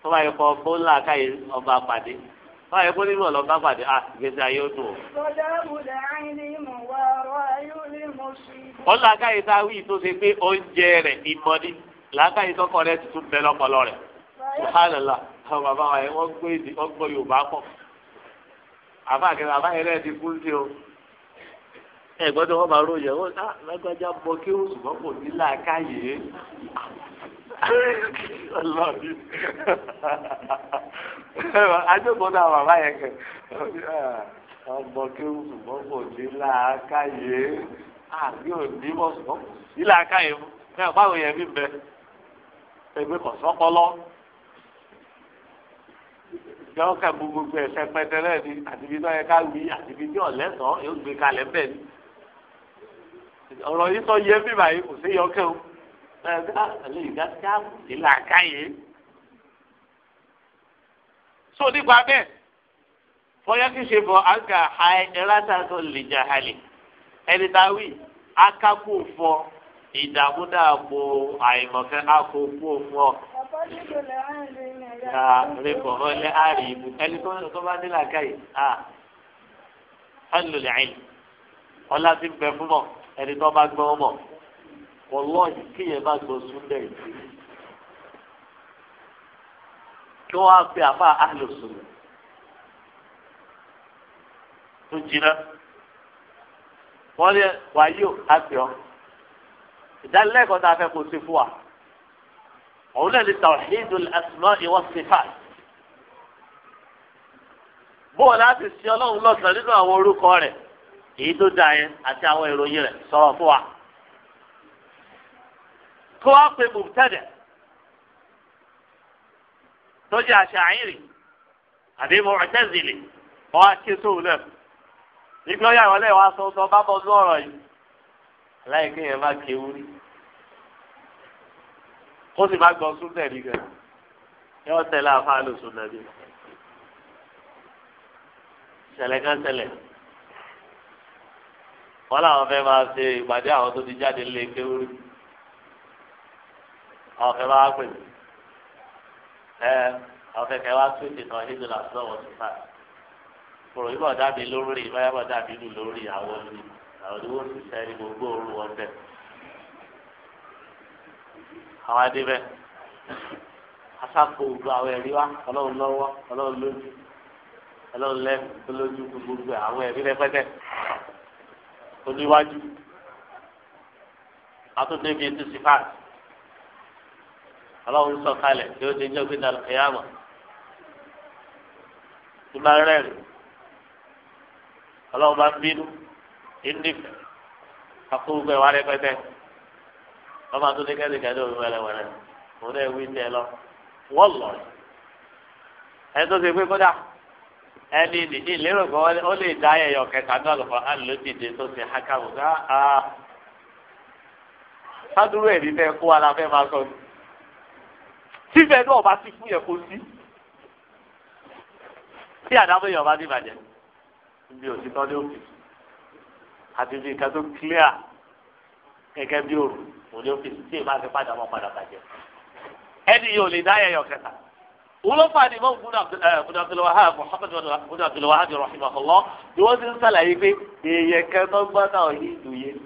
tó bá yẹ kọ́ bó ńlá káyé ọba pàdé báyìí kó nímọ̀ lọ bá pàdé à ah, gbèsè ayé ó dùn. ọ̀là káyìí tá a wí tó ṣe pé oúnjẹ rẹ̀ ìmọ̀ ni làákàyè tọkọ rẹ̀ tuntun bẹ lọ́pọlọ rẹ̀ subhanallah àwọn bàbá wa yẹn wọ́n gbé èdè wọ́n gbọ́ yorùbá pọ̀ àbá àkẹ́rẹ́ àbá yẹn rẹ̀ ti kú sí o ẹ̀ gbọ́dọ̀ wọ́n máa ròyìn ẹ̀ wọ́n ah, lágbájá bọ kí ó ṣùgbọ́n kò ní làákàyè ọlọ́ọ̀ni adébọ̀dọ̀ àwọn bàbá yẹn kẹ ọmọ kéwù ṣùgbọ́n kò ní làákàyè àbí òní mọ̀ ṣùgbọ́n kò sí làákàyè fún ẹ báwo yẹn mi bẹ ẹgbẹ́ kọ̀ sọ́pọ́lọ́ jọ ká gbogbo ẹsẹ pẹtẹlẹ ni àtibí tó yẹ ká wí àtibí tí ọlẹ sọ yóò gbé kalẹ̀ bẹ́ẹ̀ ni ọ̀rọ̀ yìí sọ yẹ bíbá yìí kò sí yọkẹ o ẹ̀ka so nípa bẹ́ẹ̀ fọyọ́ kí ṣe bọ̀ àǹkà ẹ̀rátàtọ̀ lè jà halẹ̀ ẹni tá a wí akápò fọ ìdààmúdààbò àìmọ̀kẹ́ akókó fún ọ. Ka ọlẹ́ àárín ibu ẹni tó bá dé làákàyè a ẹlòlẹ́ àìlè ọlá ti ń bẹ fún mọ̀ ẹni tó bá gbọ́ mọ̀. wọlọ́ọ̀yì kéèyàn bá gbọ́ súnlẹ̀ yìí kí wọ́n á pe àbá àlòsùn tó jiná wọ́n lé wáyé àti ọ́ ìdánilẹ́kọ̀ọ́ tá a fẹ́ kó sí fún wa òun náà ní tawhidul asma'i was sifat bóun láti sin ọlọ́run lọ́sàn-án nínú àwọn orúkọ rẹ̀ èyí tó dáa yẹn àti àwọn ìròyìn rẹ̀ sọ̀rọ̀ fún wa. kó wá pe mùtẹ́dẹ̀ tó jẹ́ àṣàyìnrì àbí mọ̀ọ́tẹ́zìlì wọ́n á ké sóhun náà ìgbọ́ yà wọlé wa sọ sọ bá bọ́ sọ̀rọ̀ yìí aláìké yẹn má kéwú rí kó sì má gbọ́ súnlẹ̀ rí gan yọ tẹ̀lé àfáàlù súnlẹ̀ rí ṣẹlẹ̀ kan ṣẹlẹ̀ wọ́n làwọn fẹ́ máa ṣe ìpàdé àwọn tó ti jáde lé kéwú rí. ọ̀fẹ́ wa pè mí ẹ ọ̀fẹ́ kẹ wá tún ìtàn fà yìí bọ̀ dàbí lórí báyà bọ̀ dàbí lù lórí àwọn àwọn gbogbo òru wọn bẹ̀ àwọn òdu àwọn ẹ̀rí wa ọlọ́run lọ́wọ́ ọlọ́run lójú ọlọ́run lójú gbogbo àwọn ẹ̀rí oníwájú atúndébi ọlọ́run sọ kalẹ̀ tí ó ti jẹ́ pé dàlù kìyàmọ̀ tí bá rẹ́rìn ọlọ́run bá ń bínú ìdífẹ̀ kakúrú pé wà rẹpẹtẹ ọmọ tó ní kẹ́sì kẹ́sì òun wẹ̀rẹ̀wẹ̀rẹ̀ mo náà wí ní ẹ lọ wọ́n lọ rẹ̀ ẹ tó ṣe pé kódà ẹni nìyí lérò pé ó lè dá ẹyọ kẹta náà lọ́kọ̀ á dìde tó ṣe hákàwù ká á sádúró ẹ̀rí kó wa la fẹ́ máa sọ ni síbẹ̀ náà bá ti fún yẹ kó sí tí àdámọ́ yẹn ọba ní ìbàjẹ́ ibi òtítọ́ ní òkè àti ibi nǹkan tó clear gẹ́gẹ́ bí òru òní òkè tí èèmá fi padà mọ́ padà bàjẹ́ ẹni yìí ò lè dá ẹ̀yọ̀ kẹta wọ́n ló fàdé mọ́ ibùdó abdulwahab muhammed ibùdó abdulwahab rahimahullah ni wọ́n ti ń sàlàyé pé èèyàn kẹtọ́ gbọ́dọ̀ yìí ìlú yẹn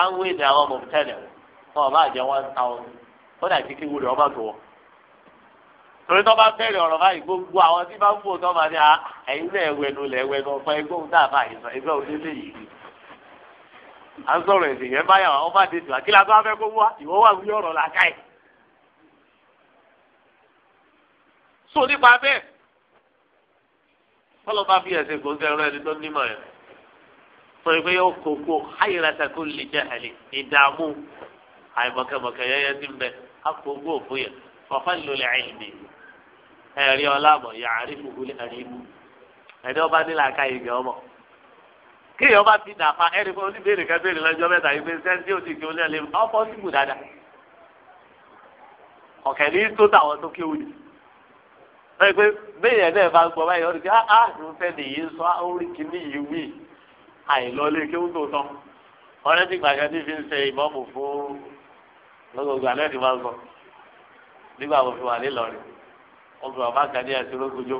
àwọn èdè àwọn mọ̀tẹ́lẹ̀ wọn ò bá one thousand kódà kí wúlò ọba tó wọ. torí tó bá bẹ̀rẹ̀ ọ̀rọ̀ báyìí gbogbo àwọn tí bá ń fò tó máa ní ẹ̀yin náà ẹ̀wẹ̀nu lẹ̀ ẹ̀wẹ̀nu ọ̀fọ̀ ẹgbẹ́ òun náà bá yìí sọ ẹgbẹ́ òun nílé yìí. à ń sọ̀rọ̀ ẹ̀sìn yẹn báyà wọn bá dé tù àkí la tó wá fẹ́ kó wá ìwọ wà wí ọ̀rọ̀ làákà ẹ̀. so nípa bẹ́ẹ̀ kọ́lọ́ bá fi ẹ̀sìn kò sẹ́rọ ẹni tó nímọ̀ yẹn sọ pé yóò kókó kó akpọ̀gbọ́ òfòyè fọ̀fẹ́ lulẹ̀ ẹ̀mí ẹ̀rí ọlámọ̀ yàrá ìfowópamọ́ ẹ̀rígbù ẹ̀dí ọba nílà ká ìgbẹ́ ọmọ. kéèyàn bá fi dàfa ẹni fún oníbèrè kẹbèrè lọ́jọ́ mẹ́ta ìgbé sẹ́ńtì òsì kí olè lè ọkọ̀ síbù dáadáa. ọ̀kẹ́ ní tó tàwọn tó kéwù ni. bẹ́ẹ̀ pé bẹ́ẹ̀ yẹn náà bá gbọ́ báyìí ọ̀rẹ́ kí á ah, á ah, ń fẹ́ nìyí sọ orí kìíní yìí wí àìlọ́lé kéwù tó tán. ọ̀rẹ́ ti gbogbo alẹ́ ni wọ́n gbọ́ nígbà wo fi wà nílọrin wọ́n fi wà bá kàdé àti ológunjó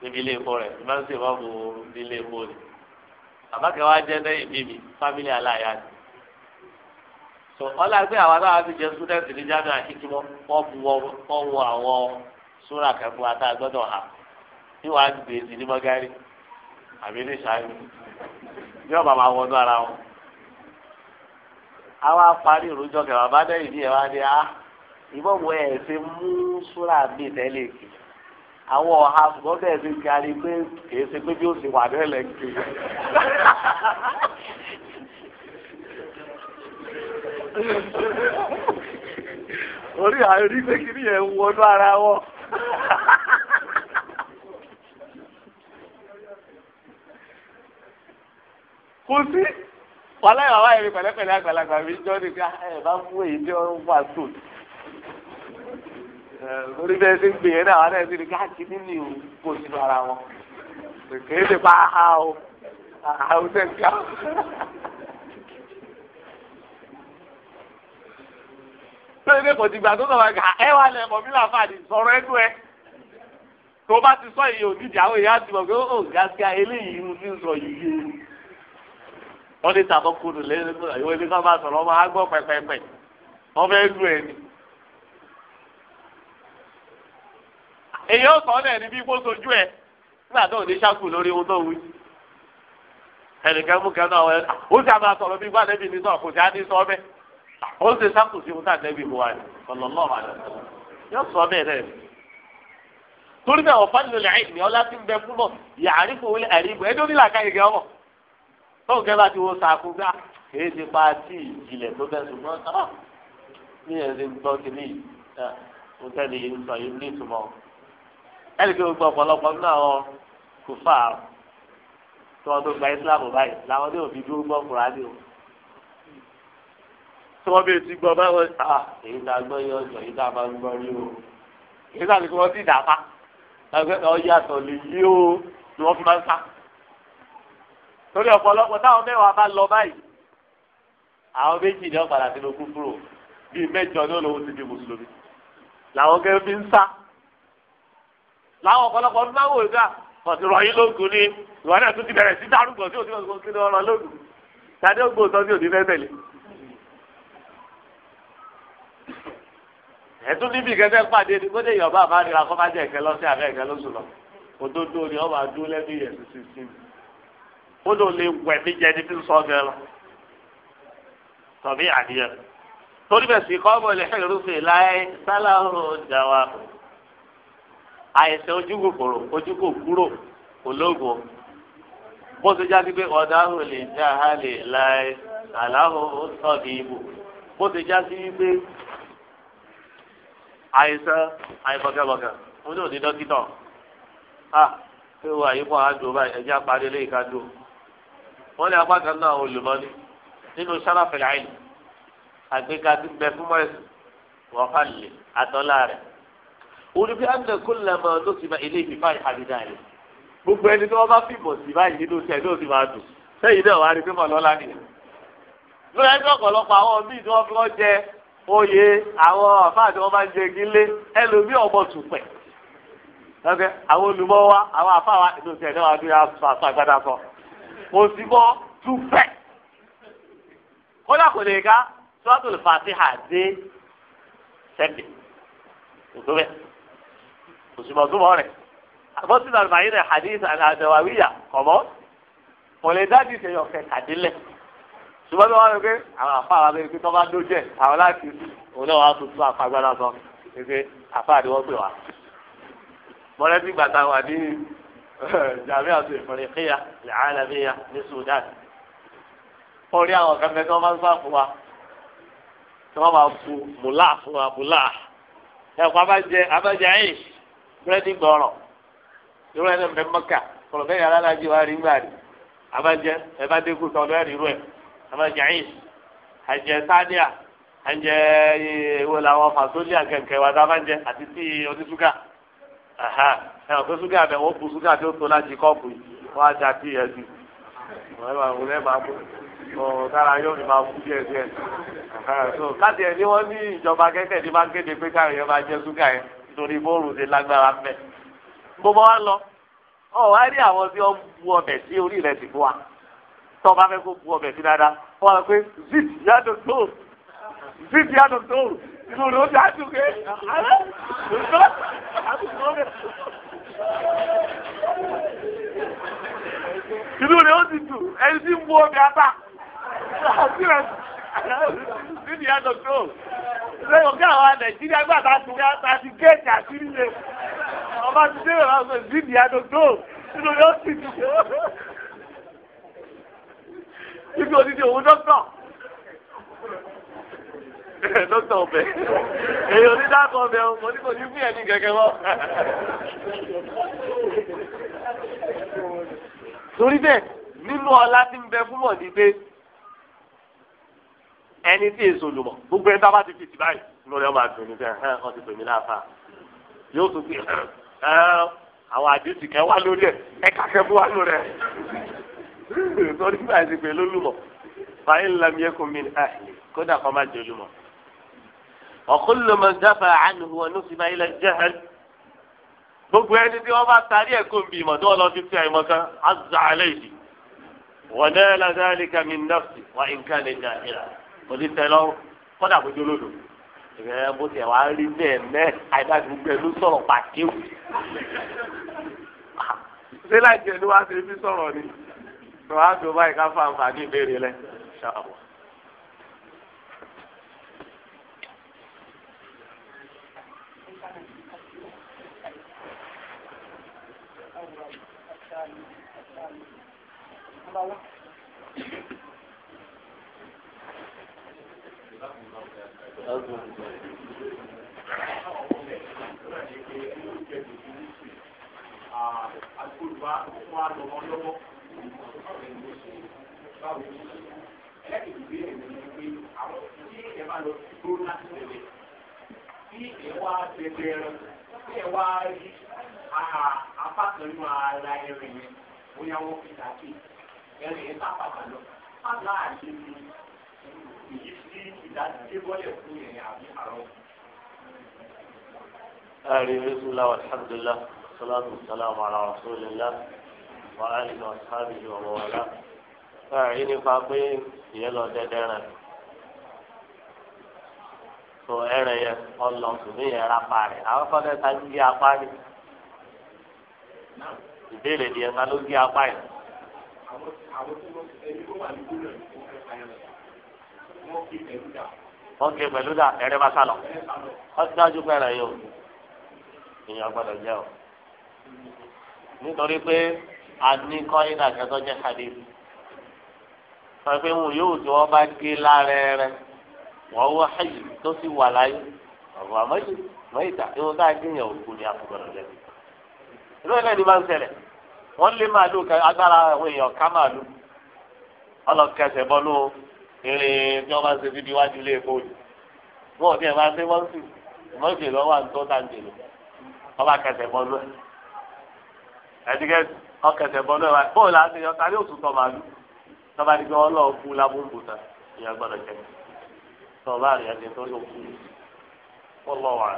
níbi ilé epo rẹ̀ ìbá ń sè wọ́n mú ní ilé epo rẹ̀ àbákẹ́ wa jẹ́ lẹ́yìn bíbí fámílì aláya ni. àwọn ti jẹ ní jáde wọ́n wọ àwọn kẹfù tí e mọ́gárì àbí ní ara àwa parí ìrújọ kẹ bàbá dẹ́yìn bí ẹ wá dé á ìbọn wo ẹ ṣe mú súrà bíi tẹ́lẹ̀ kì àwọn ọ̀ha ṣùgbọ́n bẹ́ẹ̀ ṣe kárí pé kì í ṣe pé bí ó ṣe wà nílẹ̀ kì í. orí àwọn orí pé yẹn ń wọnú ara wọn. kò sí wọn lẹ́yìn bàbá yẹn ní pẹ̀lẹ́pẹ̀lẹ́ àgbàlagbà mi jọ ní pé ah, ẹ bá mú èyí tí wọn wà tó lórí bẹ́ẹ̀ ṣe ń gbìyànjú náà wọn náà ti di káàkiri ní ìlú kó sínú ara wọn kèé ṣe pa aha o aha o ṣe ń ká. lórí pé kò ti gbà tó sọ̀rọ̀ ẹ̀ka ah, ẹ wà lẹ̀ mọ̀ mí láǹfààní sọ̀rọ̀ ẹnu ẹ tó bá ti sọ èyí òdìjà àwọn èèyàn ti mọ̀ pé ó oh, oh, gàṣíà eléyìí ń sọ yìí wọ́n ní tàbọ̀ kúrò lẹ́yìn ìwé ní ká máa sọ̀rọ̀ ọmọ agbọ́ pẹ́pẹ́pẹ́ wọ́n fẹ́ lu ẹni. èyí ó sọ ọ́ náà ní bí kó sojú ẹ nígbà tó ní ṣàkù lórí ohun tó wù ú. ẹnìkan mú kẹ́nu àwọn ẹni ó sì àmà sọ̀rọ̀ bí gbàdébì ní sọ̀rọ̀ kò sí àdé sọ bẹ́ẹ̀ ó sì ṣàkù sí ohun tá àdébì mú wa ọ̀lọ́lọ́ọ̀ yóò sọ bẹ́ẹ̀ náà torí bẹ́ẹ̀ ọ̀fà nílò ẹ̀mí ọlá ti ń tóun kẹ́ bá ti wo sàkó gbá èyí ti pa tí ìjìnlẹ̀ tó bẹ̀ ṣùgbọ́n sábà ní ẹ̀sìn gbọ́ kìíní mo tẹ́lẹ̀ yìí ń sọ yìí ní ìtumọ̀ ẹnì kí gbogbo ọ̀pọ̀lọpọ̀ nínú àwọn kùfà tí wọ́n tó gba ìsìlámù báyìí làwọn ní òbí dúró gbọ́ kùránì o tí wọ́n bẹ̀rẹ̀ ti gbọ́ báwọn à èyí tá a gbọ́ yọ ọjọ́ èyí tá a máa gbọ́ rí o èyí tá a lè fi wọ́n ti dàpá ọyàtọ̀ lè yí o ni wọ́n fi máa ń sá torí ọ̀pọ̀lọpọ̀ táwọn mẹ́wàá bá lọ báyìí àwọn méjì ni wọ́n padà sínú kúfúrò bíi mẹ́jọ ní olówó ti di mùsùlùmí làwọn gẹ́gẹ́ bí ń sá làwọn ọ̀pọ̀lọpọ̀ ń náwó ìgbà ọ̀sìnrọ̀ yín lóògùn ni ìwà náà tún ti bẹ̀rẹ̀ sí dárúgbó tí òsì òsì òsì ọ̀rọ̀ lóògùn tàbí ó gbóòótọ́ sí òní fẹ́fẹ́lẹ́. ẹ̀tún níbi ìkẹ́kẹ́ pàdé ni kó dé ìyọ̀bá àbá nira kó má jẹ́ ìkẹ́ lọ́sẹ̀ àbẹ́ ìkẹ́ lóṣù lọ òdodo ni wọ́n máa dúró lẹ́nu ìyẹ̀sì sí sí mi ó lè wẹ̀ mí jẹ ní fi gẹ lọ tọ̀bí àdìyẹ torí bẹ̀ sì kọ́ ọmọ ilẹ̀ sálárò dàwà àìsàn ojú kòkòrò ojú kúrò ológo bó ṣe jáde pé ọ̀daràn lè já a lè láì sàláhùn ó bó ṣe jáde wípé àìsàn àìbọ̀kẹ́bọ̀kẹ́ mo ní òní dókítà ah ṣé wàá yí àádùn báyìí ẹ̀jẹ̀ apá délé ìka dùn wọ́n lé apá kan náà olùmọ́ni nínú sáràfẹ́ láìlì àgbéga gbígbẹ fún mọ́ẹ̀sì wọ́n fà lè àtọ́lá rẹ̀ olùbí àgbẹ̀kọ́lẹ̀ mọ́ ló ti bá ilé ìfipá ìhàbídà rẹ̀ gbogbo ẹni tí wọ́n bá fìbọ̀ sí báyìí nínú tẹ̀ ló ti máa dùn sẹ́yìn náà wàá rí pé mọ̀lọ́lá nìyẹn lórí ẹjọ́ ọ̀pọ̀lọpọ̀ àwọn míì tí wọ́n fi wọ́n jẹ oyè àwọn àfáà tí wọ́n bá ń jẹ igi lé ẹlòmíì ọmọ tùpẹ̀ lọ́kẹ́ àwọn olùmọ̀ wa àwọn àfáà wa nínú tẹ̀ náà wàá dúró àfàgbádá kan kò sí bọ́ tú fẹ́. kódà kò lè ká suratul Fatiha dé sẹ́mi kò tó bẹ́ẹ̀ kò sí bọ́ túbọ̀ rẹ̀. àbọ̀sí náà màá yín rẹ̀ hadith àdàwáwíyà kọ̀mọ́ kò lè dájú ìṣẹ̀yọ̀ kẹtàdínlẹ̀ ṣùgbọ́n bí wọ́n rẹ̀ pé àwọn àfa àwọn abẹ́rẹ́ pé tó bá dó jẹ́ àwọn láti òun náà wàá tuntun àfagbára sọ pé àfa àdéhùn pè wá. mọ̀lẹ́bí jamiu àti ìfọ̀rẹ̀kíyà lẹ́hàlàmíyà ní Sudan orí àwọn kan mẹ́tọ́ máa ń sá fún wa tí wọ́n máa bu mùlá fún wa mùlá ẹ̀kọ́ abájẹ abájẹ ayé búrẹ́dì gbọ̀rọ̀ irú ẹni bẹ́ẹ̀ mọ́kà kọ̀rọ̀ bẹ́ẹ̀ yàrá alájí wa rí ń gbàdí abájẹ ẹ̀bá dẹ́kun tọ́ lọ́ọ̀rì irú ẹ̀ abájẹ ayé àjẹ sáníà àjẹ eh, ìwé làwọn fàṣọlì àkẹkẹ wa tá a máa ń jẹ àti tí onítúkà ẹ ọ̀pẹ ṣúgà bẹ̀ wọ́n bu ṣúgà tí ó tó láti kọ́ọ̀pù wọ́n á ja tí ẹ ti wọ́n máa wọlé máa bú ọ̀ kára yóò ní máa bú díẹ̀ díẹ̀ káàdì ẹ̀ ní wọ́n ní ìjọba kẹ́kẹ́ ní máa kéde pé káàdì yẹn máa jẹ́ ṣúgà yẹn nítorí bóòlù ti lágbára mẹ́ gbogbo wa lọ ọ wá rí àwọn tí wọ́n bu ọbẹ̀ sí orí rẹ̀ sì fún wa tọ́ inú rẹ̀ ó dá dùn pé àlẹ́ òṣìṣẹ́ àtúntò rẹ̀. inú rẹ̀ ó ti dùn ẹni tí ń mú omi ata àti rẹ̀ nídìí yàtọ̀ tó lẹ́yìn ọ̀gá àwọn nàìjíríà gbà tá a ti wá tá a ti géètì àṣírí yẹn ọba ti dé ìrọ̀lá ọ̀sẹ̀ nídìí yàtọ̀ tó inú rẹ̀ ó ti dùn. ibi òdìdí òun dọ́kítọ̀. dókítà ọbẹ̀ èyí onídàkọ̀ ọbẹ̀ ọmọ ní kò ní fún ẹni kẹ̀kẹ́ wọ́. torí bẹ́ẹ̀ nínú ọlá tí ń bẹ fún mọ̀ ni pé ẹni tí èso lò mọ̀ gbogbo ẹni tá a bá ti fi tì báyìí lórí ọmọ àti òní fẹ́ hàn ti pè mí láàfà yóò tún fi àwọn àdéhùn kẹ́ wá lórí ẹ̀ ẹ̀ka kẹ́ fún wa lórí ẹ̀ torí báyìí ti pè lólùmọ̀ fàyín lamíẹ́kùn mi ní àhìlẹ̀ kódà kọ́ máa jẹ́ olùmọ̀. وكل من دفع عنه ونسب إلى الجهل gbogbo ẹni tí wọn bá tarí ẹkọ nbí mọ tí wọn lọ fi fi àyè mọkàn azza alayhi wa nala dhalika min nafsi wa in kana jahila onítẹlọ kọdà bójú lòdò ìrẹ bó tiẹ̀ wá rí bẹ́ẹ̀ mẹ àìdájú pẹ̀lú sọ̀rọ̀ pàtíw sílẹ̀ jẹnu wá sí ibi sọ̀rọ̀ ni wọn number one. Àgbòlùbá fún àlọ́wọ́ lọ́wọ́. Ẹlẹ́kìtì bí èmi ni pé àwọn tí ẹ bá lọ dúró láti tẹ̀lé. Tí ẹ wá tẹ̀lé ẹran, tí ẹ wá rí apá kan nínú ara ẹ̀rìn yẹn, bóyá wọ́n fi dàgbé ẹ̀rì ìpàpàpà lọ. Fáàlà àti èyí sí ìdádébọ́lẹ̀ fún ìrìn àbí àrọ́. Ẹ̀rí Bísúlá Alhamdulilá, Salatu Salamu ala Rasulillah, wa alihi wa sahabihi wa mawala. Ẹ̀rí nípa pé ìyẹn lọ dẹ́dẹ́ rẹ̀. Tó ẹ̀rẹ̀ yẹn, ọlọ́ tùmí yẹn rápa rẹ̀. Àwọn kọ́ńtẹ́ta àwọn àwọn tí wọ́n ẹni tó wà ní gbólóyè tó fẹ́ fàyàn lọ. wọ́n kí pẹ̀lú dà. wọ́n kí pẹ̀lú dà ẹ̀rẹ́ bá sálọ. wọ́n ti dájú pẹ̀rẹ̀ yìí o èèyàn gbọ́dọ̀ jẹ́ o. nítorí pé a ní kọ́ ìdá kẹtọ́ jẹ́ kàdé. sọ pé wọn yóò tí wọ́n bá gé lára rẹ wọ́n wọ́ ẹ̀yìn tó sì wà láyé ọ̀gbọ́n àmọ́ ìta ìwọ̀n tá a gbìyànjú ni a kò gbọ́dọ̀ jẹ́. ìlú ẹ̀lẹ́ni máa ń ṣẹlẹ̀. wọ́n lé màálù agbára àwọn èèyàn ká màálù ọlọ́kẹsẹ̀ bọ́lú eré bí wọ́n bá ṣe fi di iwájú ilé epo yìí wọ́n ò ẹ̀ máa ṣe wọ́n sì wọ́n sì lọ́wọ́ kẹsẹ̀ bọ́lú ẹ̀ ẹ̀dígẹ́ ọkẹsẹ̀ bọ́lú ẹ̀ wá bóòlù láti tọ́ba wọ́n lọ́ọ́ kú tọ́ba tó kú wọ́n lọ́wọ́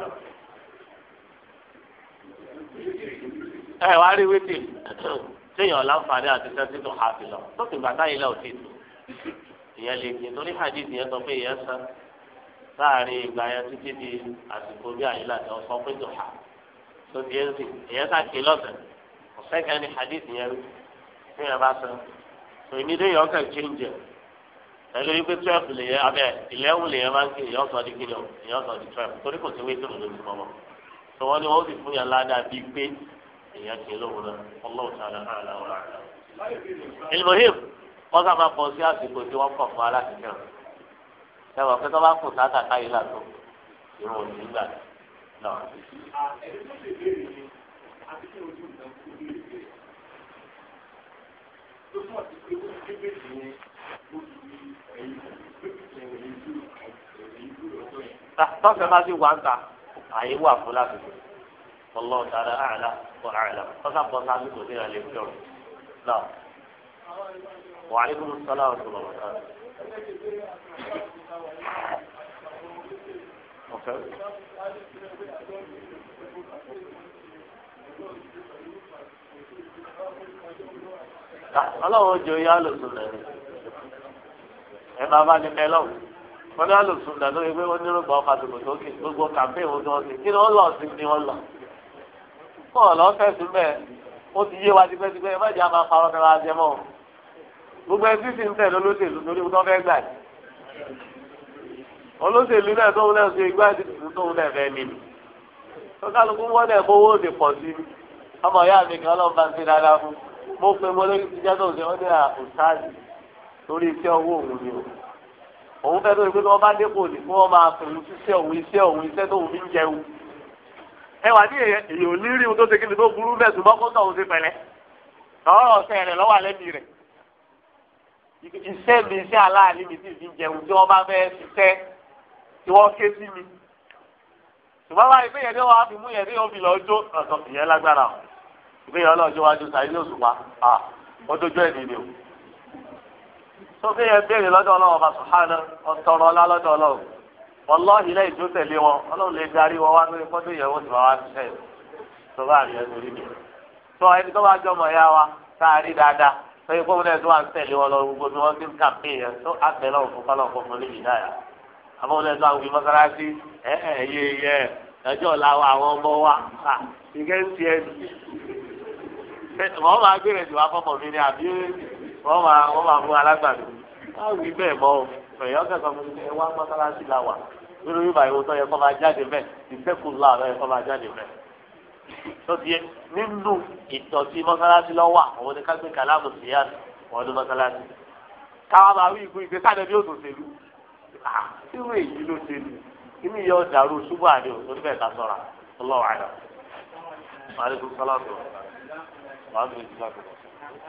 ẹ wá rí wípé téèyàn láǹfààní àti sẹ́ńtì tó hàbí lọ tó ti gbàtà yìí lọ sí tù ìyẹn lè ní torí hadith yẹn sọ pé ìyẹn sàn láàrin ìgbà yẹn títí di àsìkò bí àyílà tí wọ́n sọ pé tó hà tó ti yẹn sì ìyẹn sàkè lọ́sẹ̀ ọ̀sẹ̀ kan ní hadith yẹn téèyàn bá sàn èmi téèyàn kàn kéńjẹ pẹ̀lú wípé twelve lè yẹn abẹ́ eleven lè yẹn máa ń kí ìyẹn sọ di kí ni o ìyẹn sọ di twelve torí kò sí wípé tó lè lò lójúmọ́ mọ́ tó wọ́n ní wọ́n sì fún yẹn ládàá bíi pé èèyàn ké lóhùn náà ọlọ́run tí a lè máa làwọn àná. ìlmọ̀hìm wọ́n sábà pọ̀ sí àsìkò tí wọ́n kọ̀ fún aláṣẹkẹ̀ rẹ̀ sẹ́wọ̀n pé tó bá kù sáàtà káyé làtó ìrùn òní gbà náà. tọ́sẹ̀ bá sì wá ń ta àyè wà fún lásìkò. والله تعالى أعلى وأعلم فقط وصعب كثيرا للجرم لا وعليكم السلام ورحمة الله ọlọ́run ojú ya lòsùn náà ni ẹ máa bá ní mẹlọ́ọ̀ wọn ní àlòsùn náà lórí pé wọ́n nírògbà ọkọ̀ sókè gbogbo kàmpéèn wọn tí wọ́n ti kí ni wọ́n lọ sí ni wọ́n lọ. fún ọ̀nà ọ̀fẹ́sùn bẹ́ẹ̀ ó ti yé wa tipẹ́tipẹ́ ẹ má jẹ́ àmà parọ́ tẹ́lá jẹ mọ́ gbogbo ẹtí sì ń tẹ̀ lólóṣèlú torí wọn fẹ́ gbà yìí olóṣèlú náà tóun náà ṣe igbá ìdìbò tóun náà fẹ́ nínú tọ́kálukú wọ́n náà mówó òde pọ̀ sí mi ọmọ ìyá mi kan lọ́ọ́ bá ń ṣe dáadáa fún mo pe mo lórí ti jáde òṣèlú ní àkùsáàdì torí iṣẹ́ owó òun ni o òun fẹ́ tó ṣe pé wọ́n bá dépò ní kí wọ́n máa pè ní iṣẹ́ òun iṣẹ́ òun iṣẹ́ tóun fi ń jẹun ẹ ní èyí ò ohun tó ṣe kí tó burú bẹ́ẹ̀ ṣùgbọ́n kó tọ̀ ọ́ sí pẹ̀lẹ́ ọ̀rọ̀ ọ̀sẹ̀ rẹ̀ lọ́wọ́ alẹ́ mi rẹ̀ iṣẹ́ mi iṣẹ́ aláàlí mi sì fi jẹun tí wọ́n bá fẹ́ ṣiṣẹ́ tí wọ́n ké sí mi ṣùgbọ́n báyìí pé yẹn ní wàá fi mú yẹn ní òbí lọ jó ọ̀sán ìyẹn lágbára o ìgbé yẹn ọlọ́jọ́ wájú sàyé ní òṣùpá à ó dójú ẹ̀ nìyẹn o tó fi béèrè lọ́dọ̀ ọlọ́wọ́ bá sùhánà ọ̀tọ̀rọ̀ ọlá lọ́dọ̀ wọlọ́ọ̀hì lẹ́yìn tó tẹ̀lé wọn ọlọ́run lè darí wọn wá lórí fọ́tò ìyẹ̀wò tí wọ́n wá fi sẹ́yìn tó bá rí ẹnu rí mi. tó ẹni tó bá jọ mọ̀ ya wa tá a rí dáadáa tó yẹ kóun náà tó wà ń tẹ̀lé wọn lọ gbogbo bí wọ́n ti ń kàpé yẹn tó àgbẹ̀ lọ́wọ́ fún kọ́lọ́ fún fún lẹ́yìn náà. àmọ́ wọn lẹ́nu àwọn òbí mọ́sálásí ẹ ẹ yé yẹ ẹjọ́ la wa àwọn ọmọ wa ìkẹ́ ń tiẹ̀ wọ́n máa gbé báwo ni bẹ́ẹ̀ mọ́ o ẹ̀yọ́ kẹ́kọ̀ọ́ mi ní wá mọ́sálásí la wà nínú yóò bá ìwọ tó yẹ kó máa jáde bẹ́ẹ̀ ìfẹ́kù ńlá rẹ̀ kó máa jáde bẹ́ẹ̀. tó ti yẹ nínú ìtọ̀sí mọ́sálásí lọ wà òun ni kágbé kàlámù síyáàdì wọ́n ní mọ́sálásí. káwa máa wí ìgbé ìgbé sáde bí ó tó ṣèlú. irú èyí ló ṣe lù inú yọ dàrú ṣubú àdé o níbẹ̀ ká sọ̀ra ọlọ́wàá wọ́n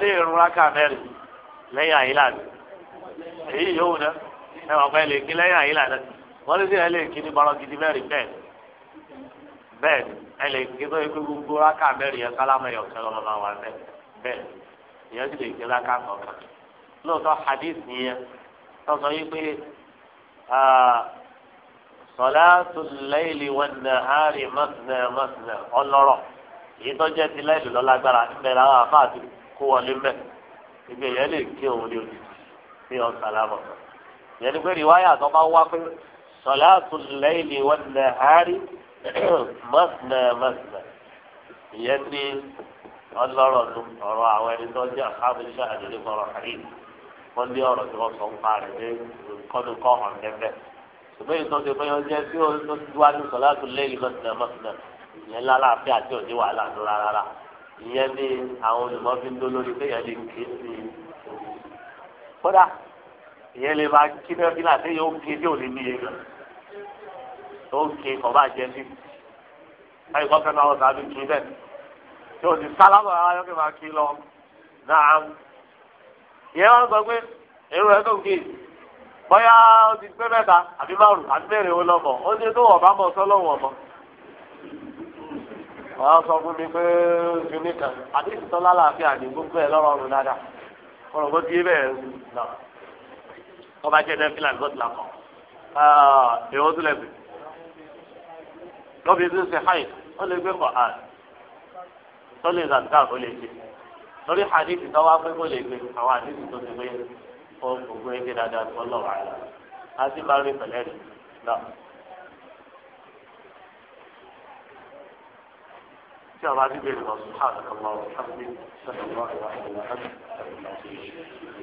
lè rún rákà mẹ́rin lẹ́yìn àyílà èyí yóò náà ẹ̀wọ̀n pẹ́ lè kí lẹ́yìn àyílà náà wọ́n lè sí ẹ̀ lè kí ní bọ́lá gidi mẹ́rin bẹ́ẹ̀ bẹ́ẹ̀ ẹ lè ké tó ikú gbogbo rákà mẹ́rin yẹn kálámà yọ ọ̀sẹ̀ lọ́mọ máa wà bẹ́ẹ̀ bẹ́ẹ̀ ìyẹn sì lè ké rákà kọ̀ọ̀kan lóòótọ́ hadith nìyẹn tọ́sọ yìí pé sọláàtù lẹ́yìnlì wọn nà hárì mọ́sìnà mọ́sìnà ọlọ́rọ̀ èyí tó jẹ́ ti lẹ́yìnlì lọ́lágbára ńbẹ làwọn àfáàtì kó wọlé mbẹ ibi èyàn lè ké òun ní òjijì ní ọ̀sálàmọ̀ ìyẹn ni pé rìwáyà tó bá wá pé sọláàtù lẹ́yìnlì wọn nà hárì mọ́sìnà mọ́sìnà ìyẹn ní ọlọ́rọ̀ nu ọ̀rọ̀ àwọn ẹni tó jẹ́ àkábíṣà àdúgbò ọ̀rọ̀ àríyìn wọ́n lé ọ̀rọ̀ tí wọ́n sọ ń pa rẹ̀ lé kọ́dù kọ́ hàn tẹ́fẹ́ ṣùgbọ́n ìtàn ti fẹ́yàn jẹ́ tí ó ti wá ní sọ̀lá tó lẹ́yìn mọ́sìnà mọ́sìnà ìyẹn lálàáfíà àti òní wàhálà tó rárá ìyẹn ní àwọn olùmọ́ fi ń dó lórí péyàn lè ké sí i. kódà ìyẹn lè máa kí náà kí náà tó ń ké kọ́ jẹ ní. báyìí kọ́ máa wọ sàbí kí bẹ́ẹ̀ tí o ti sálámà ayọ́kẹ́ máa kí lọ náà. ìyẹn wọn sọ pé èrò ẹ̀ tó ń ké bóyá ó ti pé mẹ́ta àbí márùn àbí mẹ́rin ó lọ́mọ ó ní tó wọ̀ bá mọ̀ sọ́lọ́wọ̀ ọmọ. wọ́n sọ fún mi pé kíní kan àti ìtọ́lá làáfíà ní gbogbo ẹ̀ lọ́rọ̀ lọ́bi tó ṣe háì ó lè gbé kọ̀ tó lè zàǹkà ó lè ṣe lórí hadithi tó wá pé kó lè gbé àwọn hadithi tó ti gbé ó gbogbo ẹgbẹ́ dáadáa tó lọ́wọ́ àyà á sì bá pẹ̀lẹ́ rẹ̀ náà. شاء الله عزيزي الله سبحانك الله وبحمدك صلى الله عليه وسلم